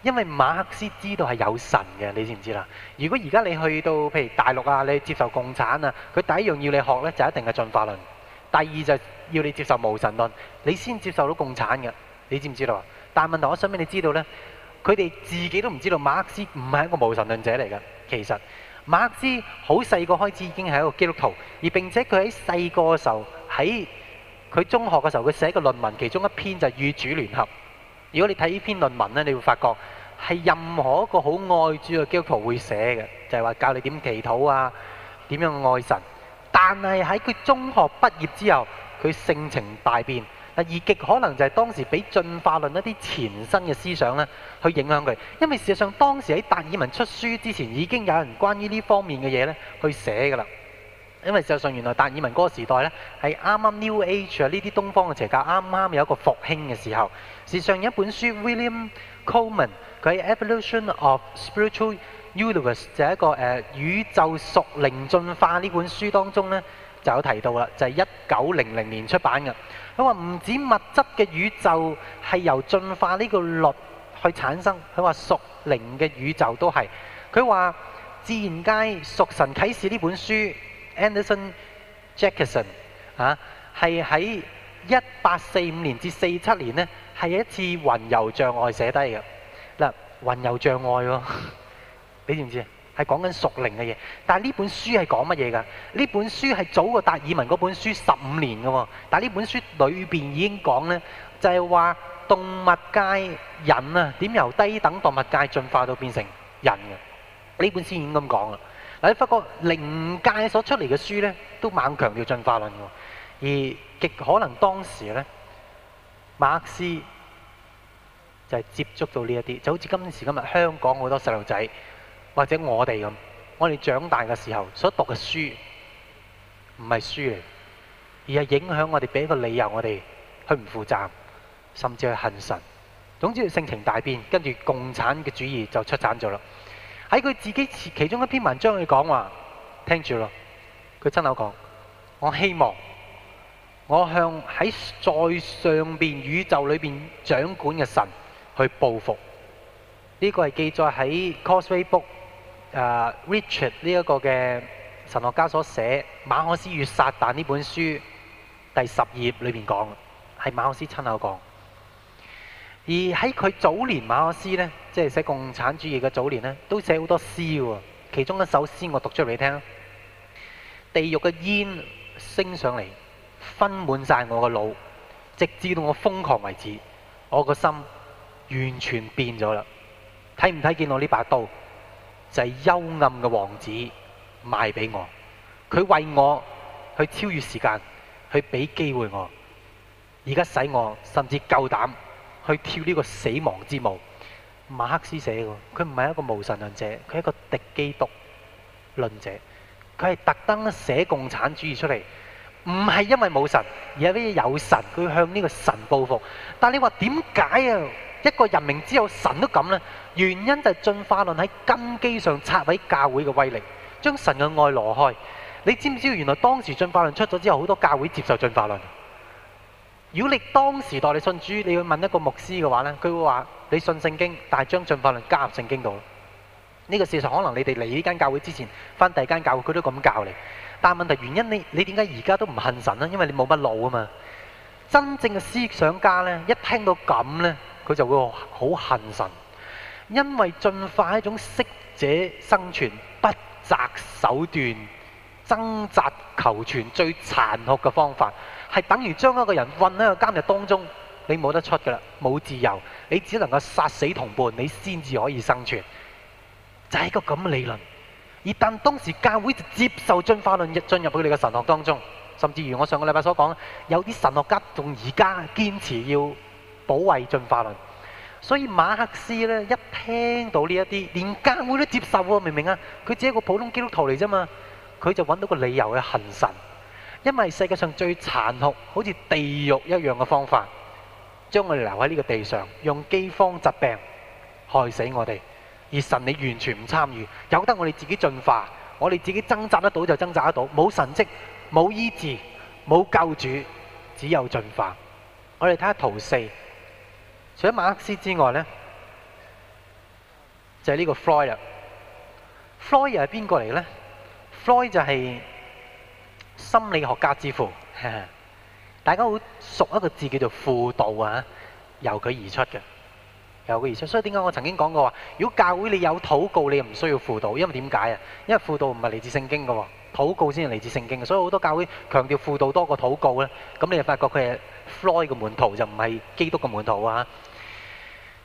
A: 因為馬克思知道係有神嘅，你知唔知啦？如果而家你去到譬如大陸啊，你接受共產啊，佢第一樣要你學呢，就一定係進化論，第二就係要你接受無神論，你先接受到共產嘅，你知唔知道啊？但問題，我想俾你知道呢。佢哋自己都唔知道馬克思唔係一個無神論者嚟噶。其實馬克思好細個開始已經係一個基督徒，而並且佢喺細個嘅時候，喺佢中學嘅時候，佢寫一個論文，其中一篇就係、是、與主聯合。如果你睇呢篇論文咧，你會發覺，係任何一個好愛主嘅基督徒會寫嘅，就係話教你點祈禱啊，點樣愛神。但係喺佢中學畢業之後，佢性情大變。啊！而極可能就係當時俾進化論一啲前身嘅思想咧，去影響佢。因為事實上當時喺達爾文出書之前，已經有人關於呢方面嘅嘢咧，去寫㗎啦。因為事實上原來達爾文嗰個時代咧，係啱啱 New Age 啊呢啲東方嘅邪教啱啱有一個復興嘅時候，事實上有一本書 William Coleman 佢係 Evolution of Spiritual Universe 就係一個誒宇宙屬靈進化呢本書當中咧。就有提到啦，就係一九零零年出版嘅。佢話唔止物質嘅宇宙係由進化呢個律去產生，佢話屬靈嘅宇宙都係。佢話《自然界屬神啟示》呢本書，Anderson Jackson 啊，係喺一八四五年至四七年呢，係一次雲遊障礙寫低嘅。嗱，雲遊障礙喎，哦，你知唔知？係講緊屬靈嘅嘢，但係呢本書係講乜嘢㗎？呢本書係早過達爾文嗰本書十五年㗎喎，但係呢本書裏邊已經講咧，就係話動物界人啊，點由低等動物界進化到變成人嘅？呢本書已經咁講啦。嗱，你發覺靈界所出嚟嘅書咧，都猛強調進化論㗎，而極可能當時咧，馬克思就係接觸到呢一啲，就好似今時今日香港好多細路仔。或者我哋咁，我哋長大嘅時候所讀嘅書唔係書嚟，而係影響我哋，俾一個理由我哋去唔負責，甚至去恨神。總之佢性情大變，跟住共產嘅主義就出產咗啦。喺佢自己其中一篇文章，佢講話：聽住咯，佢親口講，我希望我向喺在上面宇宙裏面掌管嘅神去報復。呢個係記載喺《Cosplay Book》。Richard 呢一個嘅神學家所寫《馬克思與撒旦》呢本書第十頁裏面講，係馬克思親口講。而喺佢早年馬克思呢，即係寫共產主義嘅早年呢，都寫好多詩喎。其中一首詩我讀出嚟俾你聽，地獄嘅煙升上嚟，昏滿晒我個腦，直至到我瘋狂為止，我個心完全變咗啦。睇唔睇見我呢把刀？就係幽暗嘅王子賣俾我，佢為我去超越時間，去俾機會我。而家使我甚至夠膽去跳呢個死亡之舞。馬克思寫嘅，佢唔係一個無神論者，佢係一個敵基督論者，佢係特登寫共產主義出嚟，唔係因為冇神，而係因為有神，佢向呢個神報復。但你話點解啊？一個人明知有神都咁呢？原因就係進化論喺根基上拆毀教會嘅威力，將神嘅愛挪開。你知唔知原來當時進化論出咗之後，好多教會接受進化論。如果你當時代你信主，你要問一個牧師嘅話呢，佢會話你信聖經，但係將進化論加入聖經度。呢個事實可能你哋嚟呢間教會之前翻第二間教會，佢都咁教你。但問題原因，你你點解而家都唔恨神？因為你冇乜腦啊嘛。真正嘅思想家呢，一聽到咁呢，佢就會好恨神。因為進化係一種適者生存、不擇手段、掙扎求存最殘酷嘅方法，係等於將一個人困喺個監獄當中，你冇得出㗎啦，冇自由，你只能夠殺死同伴，你先至可以生存，就係、是、一個咁嘅理論。而但當時教會就接受進化論入進入佢哋嘅神學當中，甚至如我上個禮拜所講，有啲神學家仲而家堅持要保衛進化論。所以馬克思咧一聽到呢一啲，連教會都接受喎，明唔明啊？佢只係一個普通基督徒嚟啫嘛，佢就揾到個理由去恨神，因為世界上最殘酷，好似地獄一樣嘅方法，將我哋留喺呢個地上，用饑荒、疾病害死我哋，而神你完全唔參與，由得我哋自己進化，我哋自己掙扎得到就掙扎得到，冇神蹟，冇醫治，冇救主，只有進化。我哋睇下圖四。除咗馬克思之外呢就係呢個 Floyd 啦。Floyd 又係邊個嚟呢？Floyd 就係心理學家之父， 大家好熟一個字叫做輔導啊，由佢而出嘅，由佢而出。所以點解我曾經講過話，如果教會你有禱告，你唔需要輔導，因為點解啊？因為輔導唔係嚟自聖經嘅喎，禱告先係嚟自聖經。所以好多教會強調輔導多過禱告咧，咁你就發覺佢係。Floyd 嘅門徒就唔係基督教嘅門徒啊！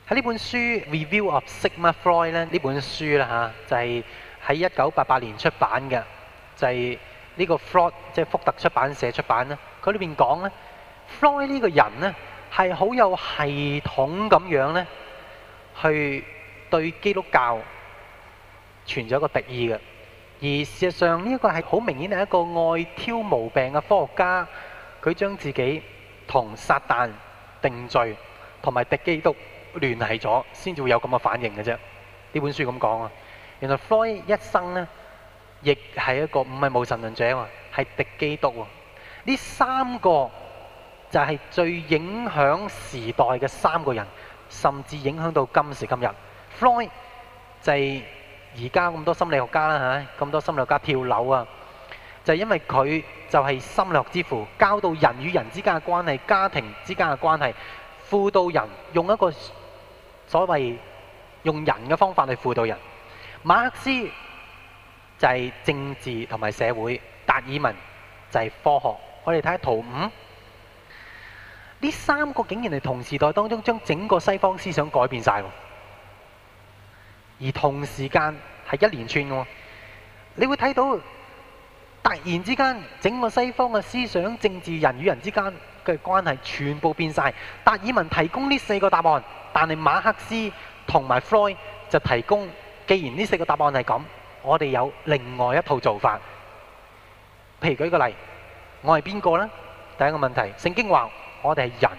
A: 喺呢本書《Review of Sigmund Freud》呢本書啦嚇，就係喺一九八八年出版嘅，就係、是、呢個 Floyd 即係福特出版社出版啦。佢裏面講呢 Floyd 呢個人呢係好有系統咁樣呢去對基督教存咗個敵意嘅。而事實上呢一、這個係好明顯係一個愛挑毛病嘅科學家，佢將自己。同撒旦定罪，同埋敵基督聯繫咗，先至會有咁嘅反應嘅啫。呢本書咁講啊，原來 Floyd 一生呢，亦係一個唔係無神論者喎，係敵基督喎。呢三個就係最影響時代嘅三個人，甚至影響到今時今日。Floyd 就係而家咁多心理學家啦嚇，咁多心理學家跳樓啊，就係因為佢。就係心理學之父，教導人與人之間嘅關係、家庭之間嘅關係，輔導人用一個所謂用人嘅方法去輔導人。馬克思就係政治同埋社會，達爾文就係科學。我哋睇下圖五，呢三個竟然係同時代當中將整個西方思想改變曬，而同時間係一連串嘅。你會睇到。突然之間，整個西方嘅思想、政治、人與人之間嘅關係，全部變晒。達爾文提供呢四個答案，但係馬克思同埋弗洛伊就提供，既然呢四個答案係咁，我哋有另外一套做法。譬如舉個例，我係邊個呢？第一個問題，聖經話我哋係人，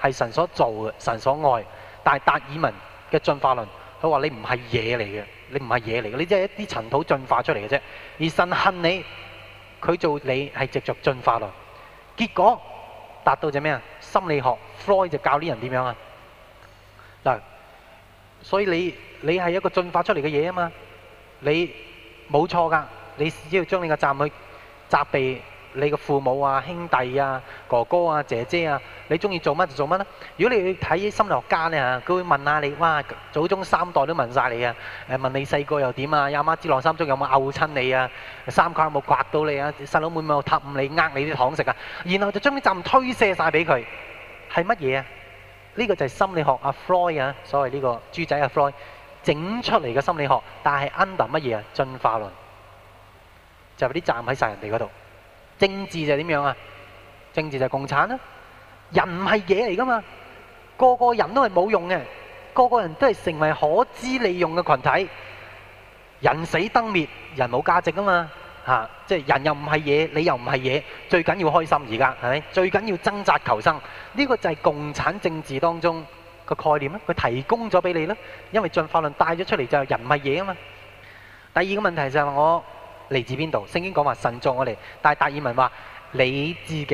A: 係神所造嘅，神所愛。但係達爾文嘅進化論，佢話你唔係嘢嚟嘅，你唔係嘢嚟嘅，你只係一啲塵土進化出嚟嘅啫。而神恨你。佢做你係直接進化咯，結果達到咗咩啊？心理學 Floyd 就教啲人點樣啊？嗱，所以你你係一個進化出嚟嘅嘢啊嘛，你冇錯噶，你只要將你嘅站去擲備。你個父母啊、兄弟啊、哥哥啊、姐姐啊，你中意做乜就做乜啦。如果你去睇心理學家咧嚇，佢會問下你，哇，祖宗三代都問曬你啊，誒問你細個又點啊？阿媽煮涼三粥有冇嘔親你啊？三塊木有冇刮到你啊？細佬妹有冇氹你、呃你啲糖食啊？然後就將啲責任推卸曬俾佢，係乜嘢啊？呢個就係心理學阿 Freud 啊，所謂呢個豬仔阿 Freud 整出嚟嘅心理學，但係 under 乜嘢啊？進化論就係啲責任喺曬人哋嗰度。政治就點樣啊？政治就共產啦。人唔係嘢嚟噶嘛，個個人都係冇用嘅，個個人都係成為可資利用嘅羣體。人死燈滅，人冇價值啊嘛。嚇，即係人又唔係嘢，你又唔係嘢，最緊要開心而家，係咪？最緊要掙扎求生，呢個就係共產政治當中個概念啦，佢提供咗俾你啦。因為進化論帶咗出嚟就係人唔係嘢啊嘛。第二個問題就係我嚟自邊度？聖經講話神造我哋，但係達爾文話你自己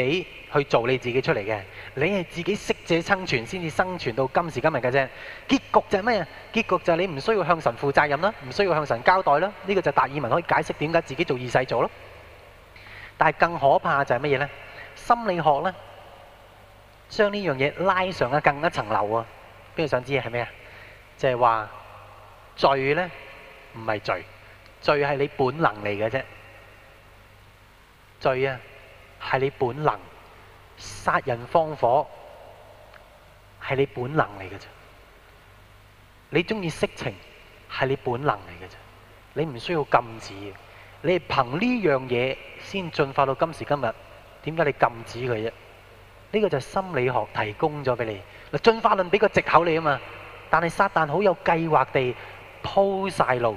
A: 去做你自己出嚟嘅，你係自己適者生存先至生存到今時今日嘅啫。結局就係咩？結局就係你唔需要向神負責任啦，唔需要向神交代啦。呢個就係達爾文可以解釋點解自己做二世祖咯。但係更可怕就係乜嘢呢？心理學呢，將呢樣嘢拉上咗更一層樓啊！邊個想知係咩啊？就係話罪呢唔係罪。罪係你本能嚟嘅啫，罪啊係你本能，殺人放火係你本能嚟嘅啫。你中意色情係你本能嚟嘅啫，你唔需要禁止，你係憑呢樣嘢先進化到今時今日。點解你禁止佢啫？呢個就係心理學提供咗俾你。嗱，進化論俾個借口你啊嘛，但係撒旦好有計劃地鋪晒路。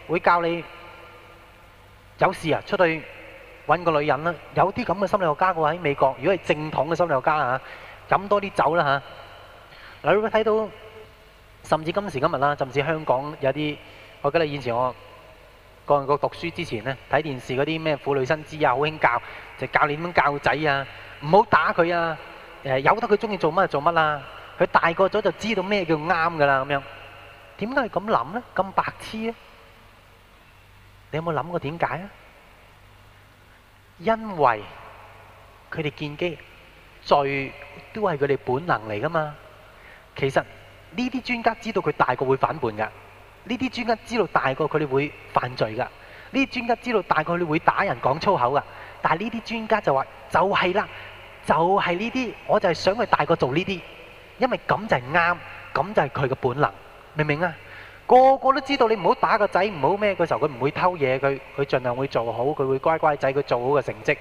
A: 會教你有事啊，出去揾個女人啦。有啲咁嘅心理學家嘅話喺美國，如果係正統嘅心理學家嚇，飲多啲酒啦嚇。嗱，你會睇到，甚至今時今日啦，甚至香港有啲，我記得以前我個個讀書之前咧，睇電視嗰啲咩婦女新姿啊，好興教，就教你點樣教仔啊，唔好打佢啊，誒由得佢中意做乜就做乜啦，佢大個咗就知道咩叫啱噶啦咁樣。點解咁諗咧？咁白痴啊！你有冇諗過點解啊？因為佢哋見機罪都係佢哋本能嚟噶嘛。其實呢啲專家知道佢大個會反叛噶，呢啲專家知道大個佢哋會犯罪噶，呢啲專家知道大個佢哋會打人、講粗口噶。但係呢啲專家就話：就係啦，就係呢啲，我就係想佢大個做呢啲，因為咁就係啱，咁就係佢嘅本能，明唔明啊？個個都知道你唔好打個仔，唔好咩嘅時候，佢唔會偷嘢，佢佢盡量會做好，佢會乖乖仔，佢做好個成績。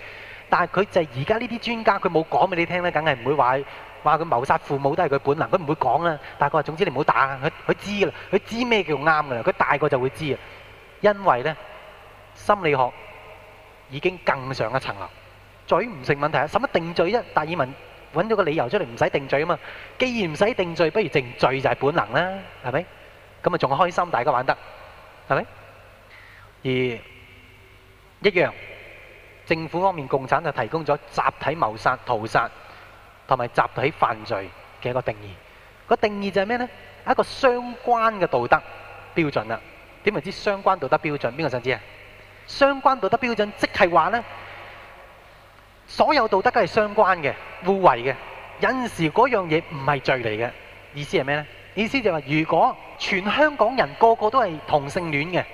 A: 但係佢就係而家呢啲專家，佢冇講俾你聽咧，梗係唔會話話佢謀殺父母都係佢本能，佢唔會講啦。但係佢話：總之你唔好打，佢佢知啦，佢知咩叫啱噶啦，佢大個就會知啊。因為咧，心理學已經更上一層樓。罪唔成問題啊，使乜定罪啫？達爾文揾咗個理由出嚟，唔使定罪啊嘛。既然唔使定罪，不如定罪就係本能啦，係咪？咁啊，仲開心，大家玩得係咪？而一樣，政府方面，共產就提供咗集體謀殺、屠殺同埋集體犯罪嘅一個定義。個定義就係咩呢？一個相關嘅道德標準啦。點為之相關道德標準？邊個想知啊？相關道德標準即係話呢，所有道德都係相關嘅互為嘅，有陣時嗰樣嘢唔係罪嚟嘅。意思係咩呢？意思就話，如果全香港人個個都係同性戀嘅，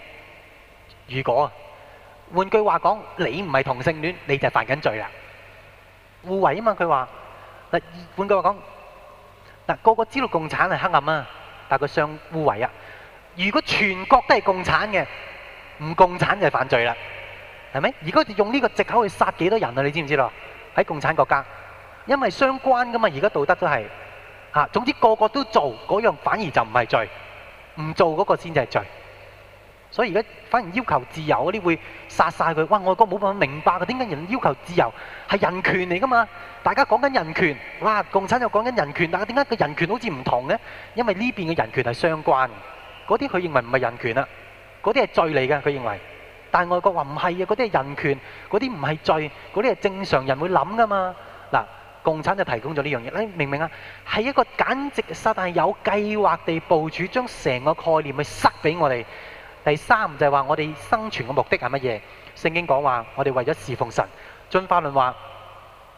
A: 如果，換句話講，你唔係同性戀，你就犯緊罪啦。互惠啊嘛，佢話，嗱，換句話講，嗱，個個知道共產係黑暗啊，但係佢尚互惠啊。如果全國都係共產嘅，唔共產就係犯罪啦，係咪？如果用呢個借口去殺幾多人啊？你知唔知咯？喺共產國家，因為相關噶嘛，而家道德都係。啊，總之個個都做嗰樣，反而就唔係罪，唔做嗰個先至係罪。所以而家反而要求自由嗰啲會殺晒佢。哇，外國冇辦法明白佢點解人要求自由，係人權嚟㗎嘛？大家講緊人權，哇，共產就講緊人權，大家點解個人權好似唔同呢？因為呢邊嘅人權係相關，嗰啲佢認為唔係人權啦，嗰啲係罪嚟㗎。佢認為，但係外國話唔係啊，嗰啲係人權，嗰啲唔係罪，嗰啲係正常人會諗㗎嘛。嗱。共產就提供咗呢樣嘢，你明唔明啊？係一個簡直實，但係有計劃地部署，將成個概念去塞俾我哋。第三就係話我哋生存嘅目的係乜嘢？聖經講話我哋為咗侍奉神。進化論話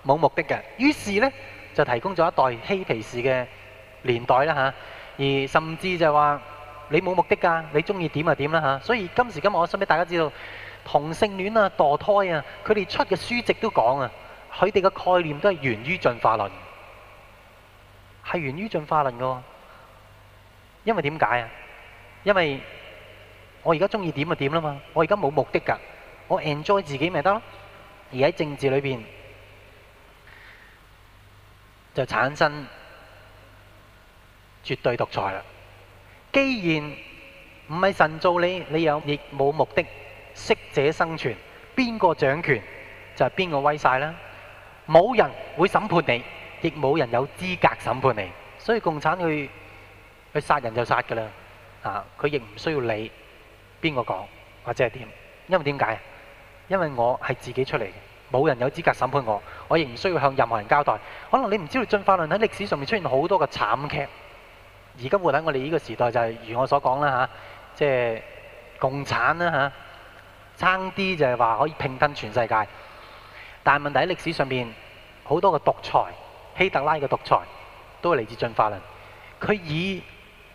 A: 冇目的嘅，於是呢就提供咗一代嬉皮士嘅年代啦嚇。而甚至就係話你冇目的㗎，你中意點就點啦嚇。所以今時今日，我想俾大家知道同性戀啊、墮胎啊，佢哋出嘅書籍都講啊。佢哋嘅概念都係源於進化論，係源於進化論嘅。因為點解啊？因為我而家中意點就點啦嘛。我而家冇目的㗎，我 enjoy 自己咪得咯。而喺政治裏邊就產生絕對獨裁啦。既然唔係神造你，你又亦冇目的，適者生存，邊個掌權就係邊個威晒啦。冇人會審判你，亦冇人有資格審判你，所以共產去佢殺人就殺㗎啦。啊，佢亦唔需要理邊個講，或者係點？因為點解？因為我係自己出嚟嘅，冇人有資格審判我，我亦唔需要向任何人交代。可能你唔知道進化論喺歷史上面出現好多個慘劇。而家活喺我哋呢個時代就係如我所講啦吓，即係共產啦吓，差啲就係話可以併吞全世界。但問題喺歷史上面，好多嘅獨裁希特拉嘅獨裁都係嚟自進化論。佢以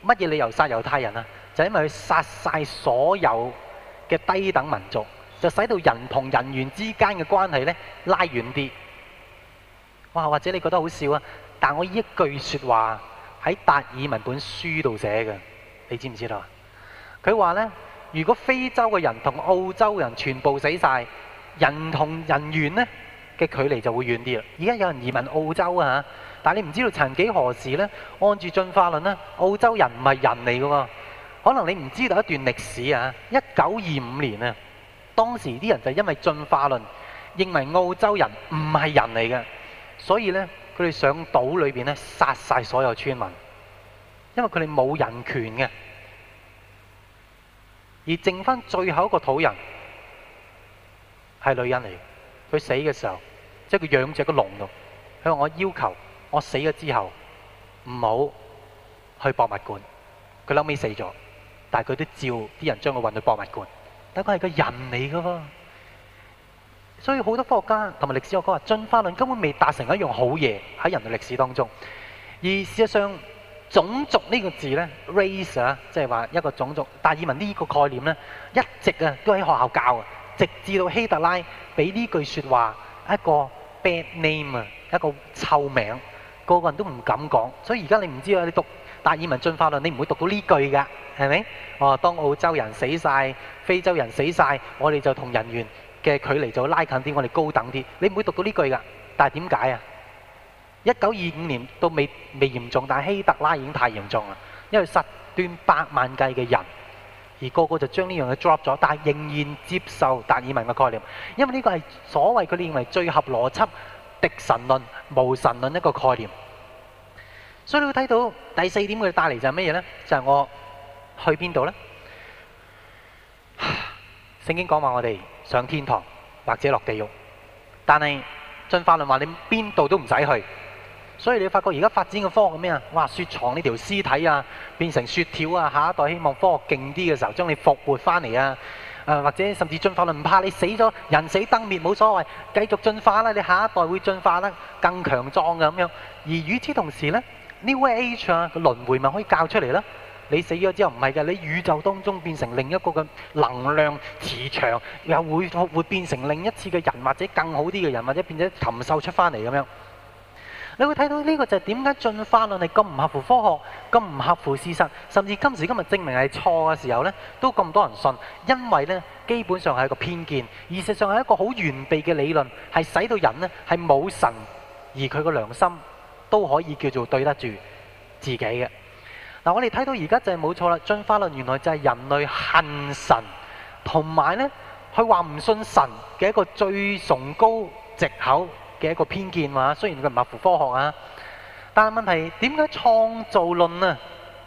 A: 乜嘢理由殺猶太人啊？就因為佢殺晒所有嘅低等民族，就使到人同人猿之間嘅關係咧拉遠啲。哇！或者你覺得好笑啊？但我呢一句說話喺達爾文本書度寫嘅，你知唔知道啊？佢話呢：「如果非洲嘅人同澳洲人全部死晒，人同人猿呢。」嘅距離就會遠啲啦。而家有人移民澳洲啊，但係你唔知道曾幾何時呢？按住進化論呢，澳洲人唔係人嚟嘅。可能你唔知道一段歷史啊。一九二五年啊，當時啲人就因為進化論認為澳洲人唔係人嚟嘅，所以呢，佢哋上島裏邊呢，殺晒所有村民，因為佢哋冇人權嘅，而剩翻最後一個土人係女人嚟。佢死嘅時候，即係佢養著個籠度，佢向我要求：我死咗之後，唔好去博物館。佢嬲尾死咗，但係佢都照啲人將佢運去博物館。但係佢係個人嚟噶喎，所以好多科學家同埋歷史學家話進化論根本未達成一樣好嘢喺人類歷史當中。而事實上，種族呢個字呢 Race r 即係話一個種族達爾文呢個概念呢，一直啊都喺學校教啊。直至到希特拉俾呢句説話一個 bad name 啊，一個臭名，個個人都唔敢講。所以而家你唔知啊，你讀《達爾文進化論》，你唔會讀到呢句㗎，係咪？哦，當澳洲人死曬，非洲人死曬，我哋就同人猿嘅距離就會拉近啲，我哋高等啲。你唔會讀到呢句㗎。但係點解啊？一九二五年都未未嚴重，但係希特拉已經太嚴重啦，因為殺斷百萬計嘅人。.而個個就將呢樣嘢 drop 咗，但係仍然接受達爾文嘅概念，因為呢個係所謂佢哋認為最合邏輯、敵神論、無神論一個概念。所以你會睇到第四點佢哋帶嚟就係乜嘢呢？就係、是、我去邊度呢？聖經講話我哋上天堂或者落地獄，但係進化論話你邊度都唔使去。所以你發覺而家發展嘅科學係咩啊？哇！雪藏呢條屍體啊，變成雪條啊！下一代希望科學勁啲嘅時候，將你復活翻嚟啊！誒、呃，或者甚至進化啦，唔怕你死咗，人死燈滅冇所謂，繼續進化啦！你下一代會進化啦，更強壯嘅咁樣。而與此同時呢 New Age 啊，個輪迴咪可以教出嚟啦？你死咗之後唔係嘅，你宇宙當中變成另一個嘅能量磁場，又會會變成另一次嘅人，或者更好啲嘅人，或者變咗禽獸出翻嚟咁樣。你會睇到呢個就係點解進化論係咁唔合乎科學，咁唔合乎事實，甚至今時今日證明係錯嘅時候呢，都咁多人信，因為呢，基本上係一個偏見，而事實上係一個好愚昧嘅理論，係使到人呢係冇神，而佢個良心都可以叫做對得住自己嘅。嗱、嗯，我哋睇到而家就係冇錯啦，進化論原來就係人類恨神，同埋呢，佢話唔信神嘅一個最崇高藉口。嘅一個偏見話，雖然佢唔合乎科學啊，但係問題點解創造論啊、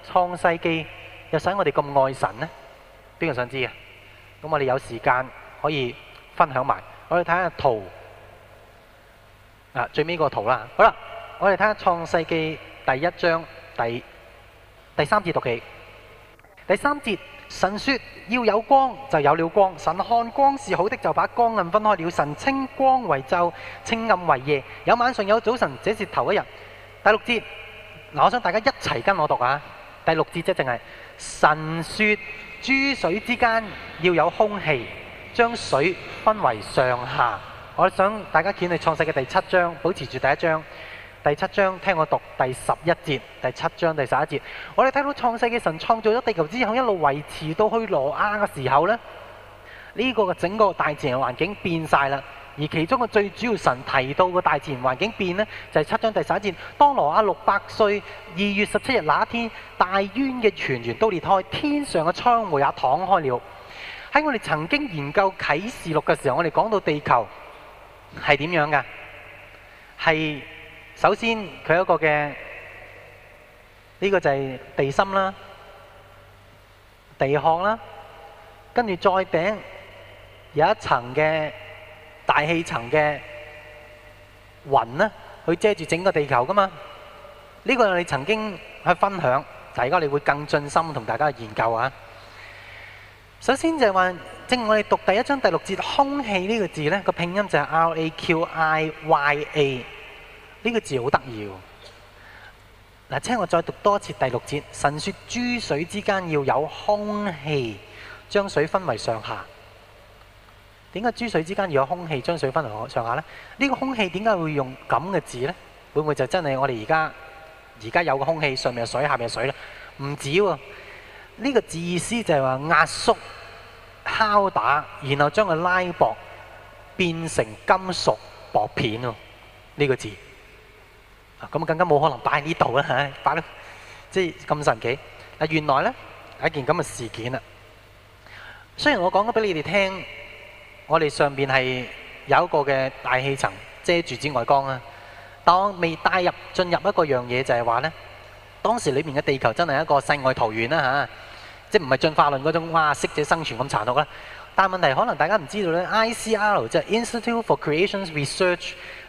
A: 創世記又使我哋咁愛神呢？邊個想知啊？咁我哋有時間可以分享埋。我哋睇下圖，啊，最尾呢個圖啦。好啦，我哋睇下創世記第一章第第三節讀起。第三節，神說要有光，就有了光。神看光是好的，就把光暗分開了。神稱光為晝，稱暗為夜。有晚上有早晨，這是頭一日。第六節，我想大家一齊跟我讀啊！第六節啫、就是，淨係神說，諸水之間要有空氣，將水分為上下。我想大家見你創世嘅第七章，保持住第一章。第七章，聽我讀第十一節。第七章第十一節，我哋睇到創世嘅神創造咗地球之後，一路維持到去羅亞嘅時候呢呢，呢個嘅整個大自然環境變曬啦。而其中嘅最主要神提到嘅大自然環境變呢，就係七章第十一節。當羅亞六百歲二月十七日那一天，大淵嘅泉源都裂開，天上嘅窗戶也敞開了。喺我哋曾經研究啟示錄嘅時候，我哋講到地球係點樣嘅？係。首先，佢一個嘅呢個就係地心啦、地殼啦，跟住再頂有一層嘅大氣層嘅雲咧，去遮住整個地球噶嘛。呢個我哋曾經去分享，但而家我哋會更盡心同大家研究啊。首先就係話，正如我哋讀第一章第六節「空氣」呢個字咧，個拼音就係 r a q i y a。呢個字好得意喎！嗱，請我再讀多次第六節。神說：珠水之間要有空氣，將水分為上下。點解珠水之間要有空氣將水分為上下呢？呢個空氣點解會用咁嘅字呢？會唔會就真係我哋而家而家有個空氣，上面有水，下面有水呢？唔止喎，呢個字意思就係話壓縮、敲打，然後將佢拉薄，變成金屬薄片喎。呢個字。啊！咁更加冇可能擺喺呢度啦嚇，擺咧即係咁神奇。啊，原來呢，係一件咁嘅事件啊。雖然我講咗俾你哋聽，我哋上邊係有一個嘅大氣層遮住紫外光啊。但我未帶入進入一個樣嘢，就係話呢，當時裏面嘅地球真係一個世外桃源啦吓，即係唔係進化論嗰種哇適者生存咁殘酷啦。但係問題可能大家唔知道呢，ICR 即係 Institute for Creation Research。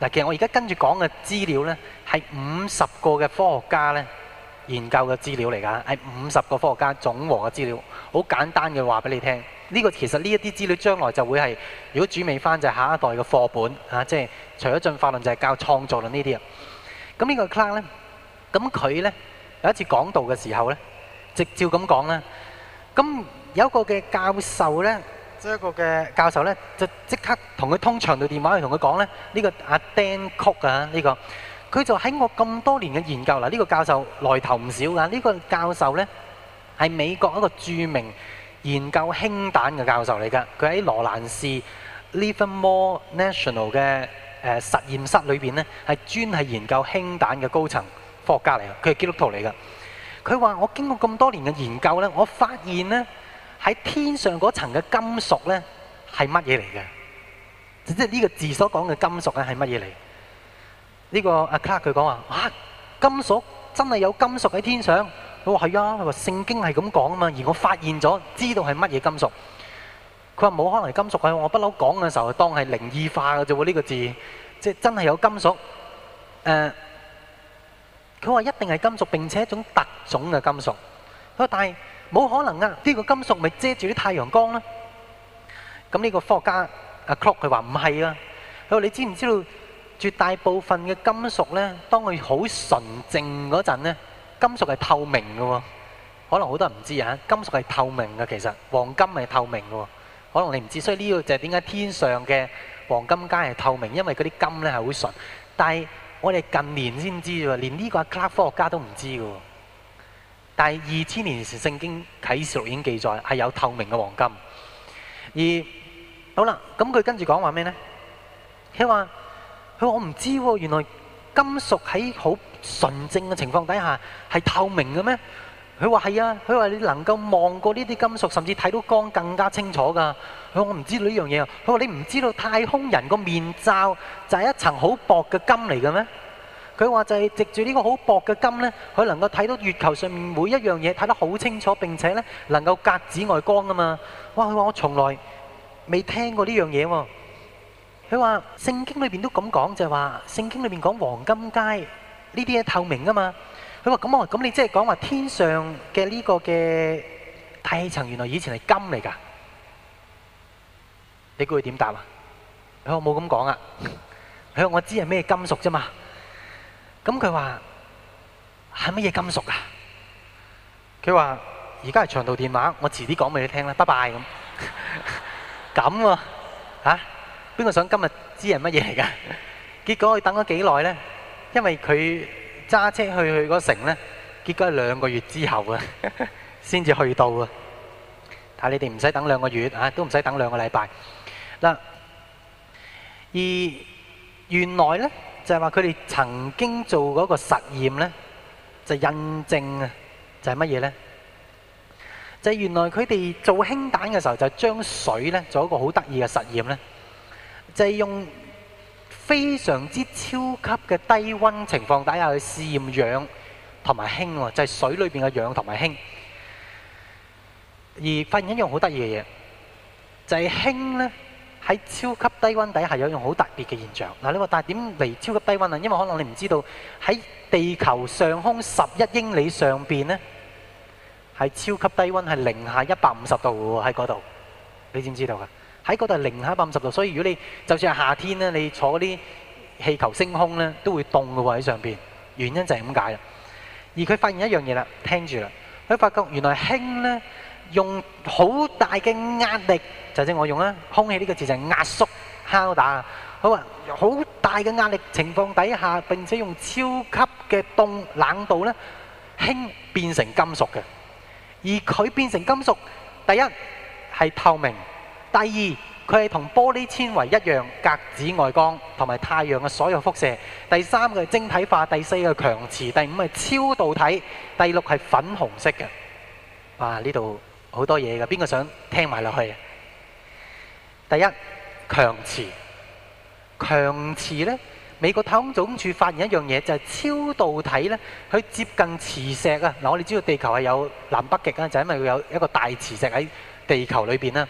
A: 嗱，其實我而家跟住講嘅資料呢，係五十個嘅科學家咧研究嘅資料嚟㗎，係五十個科學家總和嘅資料。好簡單嘅話俾你聽，呢、這個其實呢一啲資料將來就會係，如果轉味翻就係、是、下一代嘅課本嚇、啊，即係除咗進化論就係教創造論、嗯這個、呢啲啊。咁呢個 Clark 咧，咁佢呢，有一次講道嘅時候呢，直接咁講啦。咁有一個嘅教授呢。」即一個嘅教授咧，就即刻同佢通長度電話去同佢講咧，呢個阿丹曲啊，呢個佢就喺我咁多年嘅研究嗱，呢個教授來頭唔少噶，呢個教授咧係美國一個著名研究氫彈嘅教授嚟噶，佢喺羅蘭市 Livermore National 嘅誒實驗室裏邊咧係專係研究氫彈嘅高層科學家嚟噶，佢係基督徒嚟噶。佢話：我經過咁多年嘅研究咧，我發現咧。喺天上嗰層嘅金屬咧係乜嘢嚟嘅？即係呢個字所講嘅金屬咧係乜嘢嚟？呢、這個阿卡佢講話啊，金屬真係有金屬喺天上。佢話係啊，佢話聖經係咁講啊嘛，而我發現咗，知道係乜嘢金屬。佢話冇可能係金屬，佢話我不嬲講嘅時候當係靈異化嘅啫喎，呢、這個字即係真係有金屬。誒、呃，佢話一定係金屬，並且一種特種嘅金屬。佢話但係。冇可能啊！呢個金屬咪遮住啲太陽光啦。咁呢個科學家阿 Clark 佢話唔係啊。佢話你知唔知道絕大部分嘅金屬呢，當佢好純淨嗰陣呢，金屬係透明嘅喎。可能好多人唔知啊。金屬係透明嘅。其實黃金係透明嘅喎。可能你唔知，所以呢個就係點解天上嘅黃金街係透明，因為嗰啲金呢係好純。但係我哋近年先知喎，連呢個 Clark 科學家都唔知嘅喎。但係二千年前聖經啟示錄已經記載係有透明嘅黃金，而好啦，咁佢跟住講話咩呢？佢話：佢話我唔知喎，原來金屬喺好純正嘅情況底下係透明嘅咩？佢話係啊，佢話你能夠望過呢啲金屬，甚至睇到光更加清楚㗎。佢話我唔知道呢樣嘢啊。佢話你唔知道太空人個面罩就係一層好薄嘅金嚟嘅咩？佢話就係藉住呢個好薄嘅金咧，佢能夠睇到月球上面每一樣嘢睇得好清楚，並且咧能夠隔紫外光啊嘛。哇！佢話我從來未聽過呢樣嘢喎。佢話聖經裏邊都咁講，就係話聖經裏邊講黃金街呢啲嘢透明啊嘛。佢話咁我咁你即係講話天上嘅呢個嘅大氣層原來以前係金嚟㗎。你估佢點答啊？佢話冇咁講啊。佢話我知係咩金屬啫嘛。咁佢話係乜嘢金屬啊？佢話而家係長途電話，我遲啲講俾你聽啦，拜拜咁。咁喎嚇，邊個想今日知係乜嘢嚟㗎？結果佢等咗幾耐咧，因為佢揸車去去嗰城咧，結果係兩個月之後啊，先至去到啊。但係你哋唔使等兩個月嚇，都唔使等兩個禮拜嗱。而原來咧。就係話佢哋曾經做過一個實驗呢，就是、印證啊，就係乜嘢呢？就係、是、原來佢哋做氫彈嘅時候，就將水呢做一個好得意嘅實驗呢，就係、是、用非常之超級嘅低温情況底下去試驗氧同埋氫喎，就係、是、水裏邊嘅氧同埋氫，而發現一樣好得意嘅嘢，就係、是、氫呢。喺超級低溫底下有種好特別嘅現象。嗱，你話但係點嚟超級低溫啊？因為可能你唔知道喺地球上空十一英里上邊咧，係超級低溫，係零下一百五十度喎喺嗰度。你知唔知道㗎？喺嗰度係零下一百五十度，所以如果你就算係夏天咧，你坐嗰啲氣球升空咧都會凍㗎喎喺上邊。原因就係咁解啦。而佢發現一樣嘢啦，聽住啦，佢發覺原來氫咧。用好大嘅壓力，就正係我用啦。空氣呢個字就係壓縮敲打，好啊！好大嘅壓力情況底下，並且用超級嘅凍冷，冷度呢，輕變成金屬嘅。而佢變成金屬，第一係透明，第二佢係同玻璃纖維一樣隔紫外光同埋太陽嘅所有輻射。第三嘅晶體化，第四嘅強磁，第五係超導體，第六係粉紅色嘅。啊！呢度～好多嘢㗎，邊個想聽埋落去？第一，強磁，強磁咧，美國太空總署發現一樣嘢，就係、是、超導體咧，佢接近磁石啊！嗱，我哋知道地球係有南北極啊，就是、因為佢有一個大磁石喺地球裏面啊。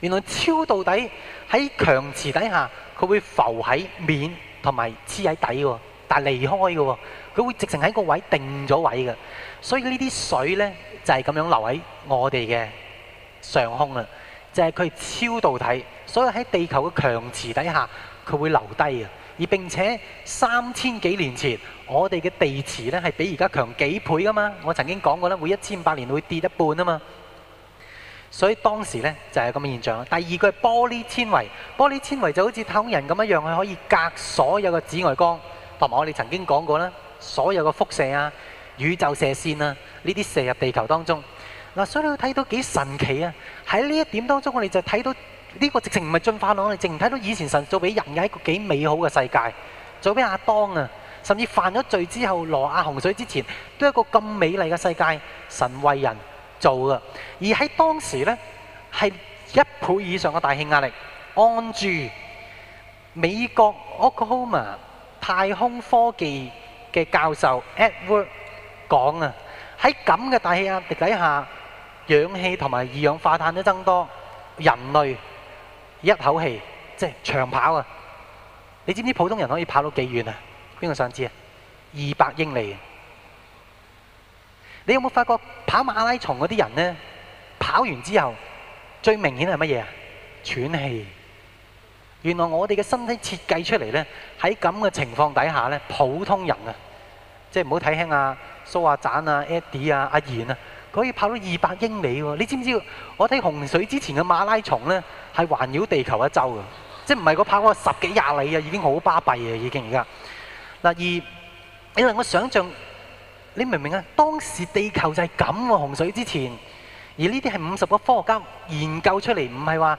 A: 原來超導體喺強磁底下，佢會浮喺面同埋黐喺底喎。但係離開嘅喎，佢會直情喺個位定咗位嘅，所以呢啲水呢，就係咁樣流喺我哋嘅上空啦。就係佢超導體，所以喺地球嘅強磁底下，佢會留低啊。而並且三千幾年前，我哋嘅地磁呢，係比而家強幾倍噶嘛。我曾經講過咧，每一千八百年會跌一半啊嘛。所以當時呢，就係咁嘅現象啦。第二個係玻璃纖維，玻璃纖維就好似太空人咁一樣，佢可以隔所有嘅紫外光。同埋我哋曾經講過啦，所有嘅輻射啊、宇宙射線啊，呢啲射入地球當中。嗱，所以你會睇到幾神奇啊！喺呢一點當中，我哋就睇到呢個直情唔係進化論，我哋淨睇到以前神做俾人嘅一個幾美好嘅世界，做俾阿當啊，甚至犯咗罪之後，挪亞洪水之前，都係一個咁美麗嘅世界，神為人做嘅。而喺當時呢，係一倍以上嘅大氣壓力，安住美國 Oklahoma。太空科技嘅教授 Edward 講啊，喺咁嘅大氣壓力底下，氧氣同埋二氧化碳都增多，人類一口氣即係長跑啊！你知唔知普通人可以跑到幾遠啊？邊個想知啊？二百英里。你有冇發覺跑馬拉松嗰啲人呢？跑完之後最明顯係乜嘢啊？喘氣。原來我哋嘅身體設計出嚟呢，喺咁嘅情況底下呢，普通人啊，即係唔好睇輕啊蘇阿贊啊 Eddie 啊阿賢啊，佢可以跑到二百英里喎！你知唔知？我睇洪水之前嘅馬拉松呢，係環繞地球一周啊，即係唔係個跑個十幾廿里啊，已經好巴閉啊，已經而家。嗱，而你能夠想象，你明唔明啊？當時地球就係咁喎，洪水之前。而呢啲係五十個科學家研究出嚟，唔係話。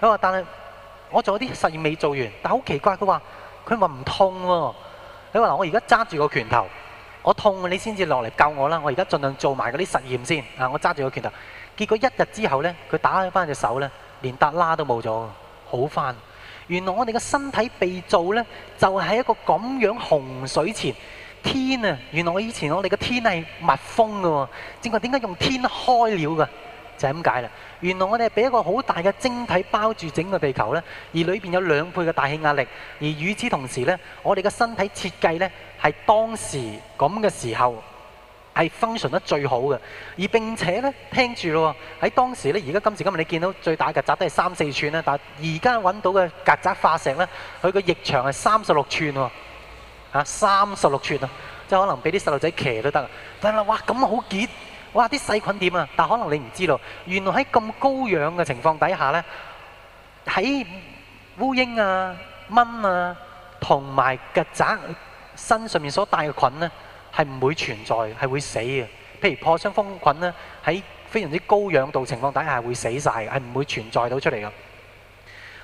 A: 佢話：但係我做啲實驗未做完，但好奇怪。佢話：佢話唔痛喎、啊。你話嗱，我而家揸住個拳頭，我痛，你先至落嚟救我啦。我而家盡量做埋嗰啲實驗先。啊，我揸住個拳頭，結果一日之後咧，佢打開翻隻手咧，連耷拉都冇咗，好返。原來我哋嘅身體被造咧，就係、是、一個咁樣洪水前天啊。原來我以前我哋嘅天係密封嘅喎，正話點解用天開了嘅，就係咁解啦。原來我哋係俾一個好大嘅晶體包住整個地球咧，而裏面有兩倍嘅大氣壓力，而與此同時咧，我哋嘅身體設計咧係當時咁嘅時候係 function 得最好嘅，而並且咧聽住咯喎，喺當時咧，而家今時今日你見到最大曱甴都係三四寸啦，但而家揾到嘅曱甴化石咧，佢個翼長係三十六寸喎，嚇三十六寸啊，即係可能俾啲細路仔騎都得，但係啦，哇咁好結！哇！啲細菌點啊？但可能你唔知道，原來喺咁高氧嘅情況底下咧，喺烏蠅啊、蚊啊同埋曱甴身上面所帶嘅菌咧，係唔會存在，係會死嘅。譬如破傷風菌咧，喺非常之高氧度情況底下係會死曬，係唔會存在到出嚟嘅。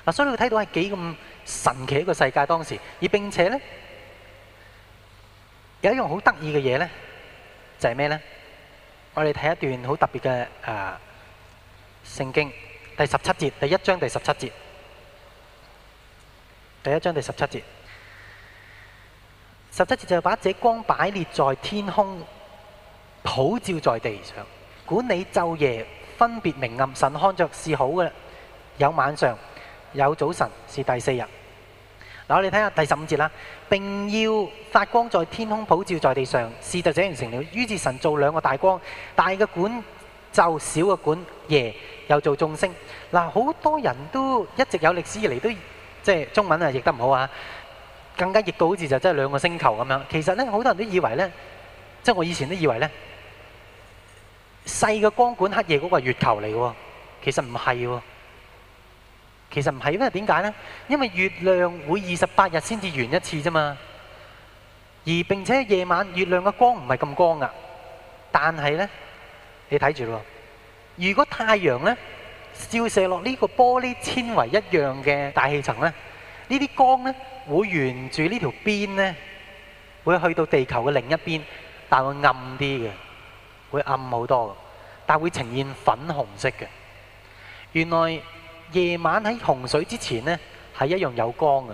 A: 嗱，所以你會睇到係幾咁神奇一個世界。當時，而並且咧有一樣好得意嘅嘢咧，就係咩咧？我哋睇一段好特別嘅，誒，聖經第十七節，第一章第十七節，第一章第十七節，十七節，就係把這光擺列在天空，普照在地上，管理晝夜，分別明暗。神看着是好嘅，有晚上，有早晨，是第四日。嗱，你睇下第十五節啦，並要發光在天空，普照在地上。事就這樣成了，於是神做兩個大光，大嘅管晝，小嘅管夜，又做眾星。嗱，好多人都一直有歷史以嚟都，即係中文啊譯得唔好啊，更加譯到好似就真係兩個星球咁樣。其實咧，好多人都以為咧，即係我以前都以為咧，細嘅光管黑夜嗰個係月球嚟喎，其實唔係喎。其實唔係，因為點解呢？因為月亮會二十八日先至圓一次啫嘛。而並且夜晚月亮嘅光唔係咁光噶，但係呢，你睇住咯。如果太陽呢照射落呢個玻璃纖維一樣嘅大氣層呢，呢啲光呢會沿住呢條邊呢，會去到地球嘅另一邊，但會暗啲嘅，會暗好多噶，但會呈現粉紅色嘅。原來。夜晚喺洪水之前呢，係一樣有光嘅。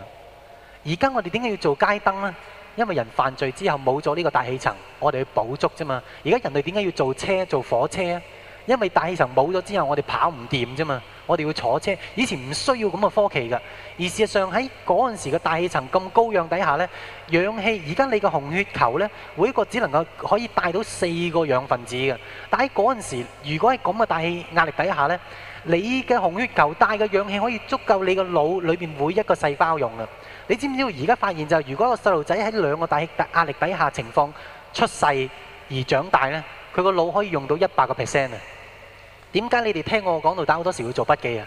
A: 而家我哋點解要做街燈呢？因為人犯罪之後冇咗呢個大氣層，我哋要補足啫嘛。而家人類點解要做車、做火車啊？因為大氣層冇咗之後，我哋跑唔掂啫嘛。我哋要坐車。以前唔需要咁嘅科技嘅。而事實上喺嗰陣時嘅大氣層咁高氧底下呢，氧氣而家你嘅紅血球呢，每一個只能夠可以帶到四個氧分子嘅。但喺嗰陣時，如果喺咁嘅大氣壓力底下呢。你嘅紅血球帶嘅氧氣可以足夠你個腦裏邊每一個細胞用嘅。你知唔知？而家發現就係，如果個細路仔喺兩個大氣壓壓力底下情況出世而長大咧，佢個腦可以用到一百個 percent 啊！點解你哋聽我講到打好多時會做筆記啊？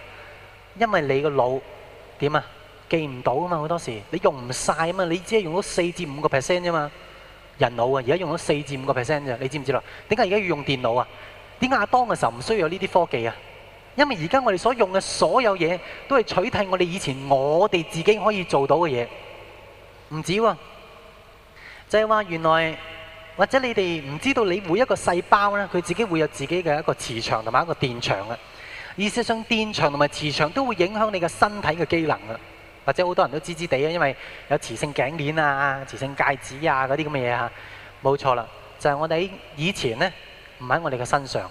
A: 因為你個腦點啊？記唔到啊嘛！好多時你用唔曬啊嘛，你只係用咗四至五個 percent 啫嘛。人腦啊，而家用咗四至五個 percent 啫，你知唔知啦？點解而家要用電腦啊？點解阿當嘅時候唔需要有呢啲科技啊？因為而家我哋所用嘅所有嘢，都係取替我哋以前我哋自己可以做到嘅嘢。唔止喎，就係話原來或者你哋唔知道，你每一個細胞咧，佢自己會有自己嘅一個磁場同埋一個電場，意思上，電場同埋磁場都會影響你嘅身體嘅機能啊。或者好多人都知知地啊，因為有磁性頸鏈啊、磁性戒指啊嗰啲咁嘅嘢嚇。冇錯啦，就係我哋以前呢，唔喺我哋嘅身上，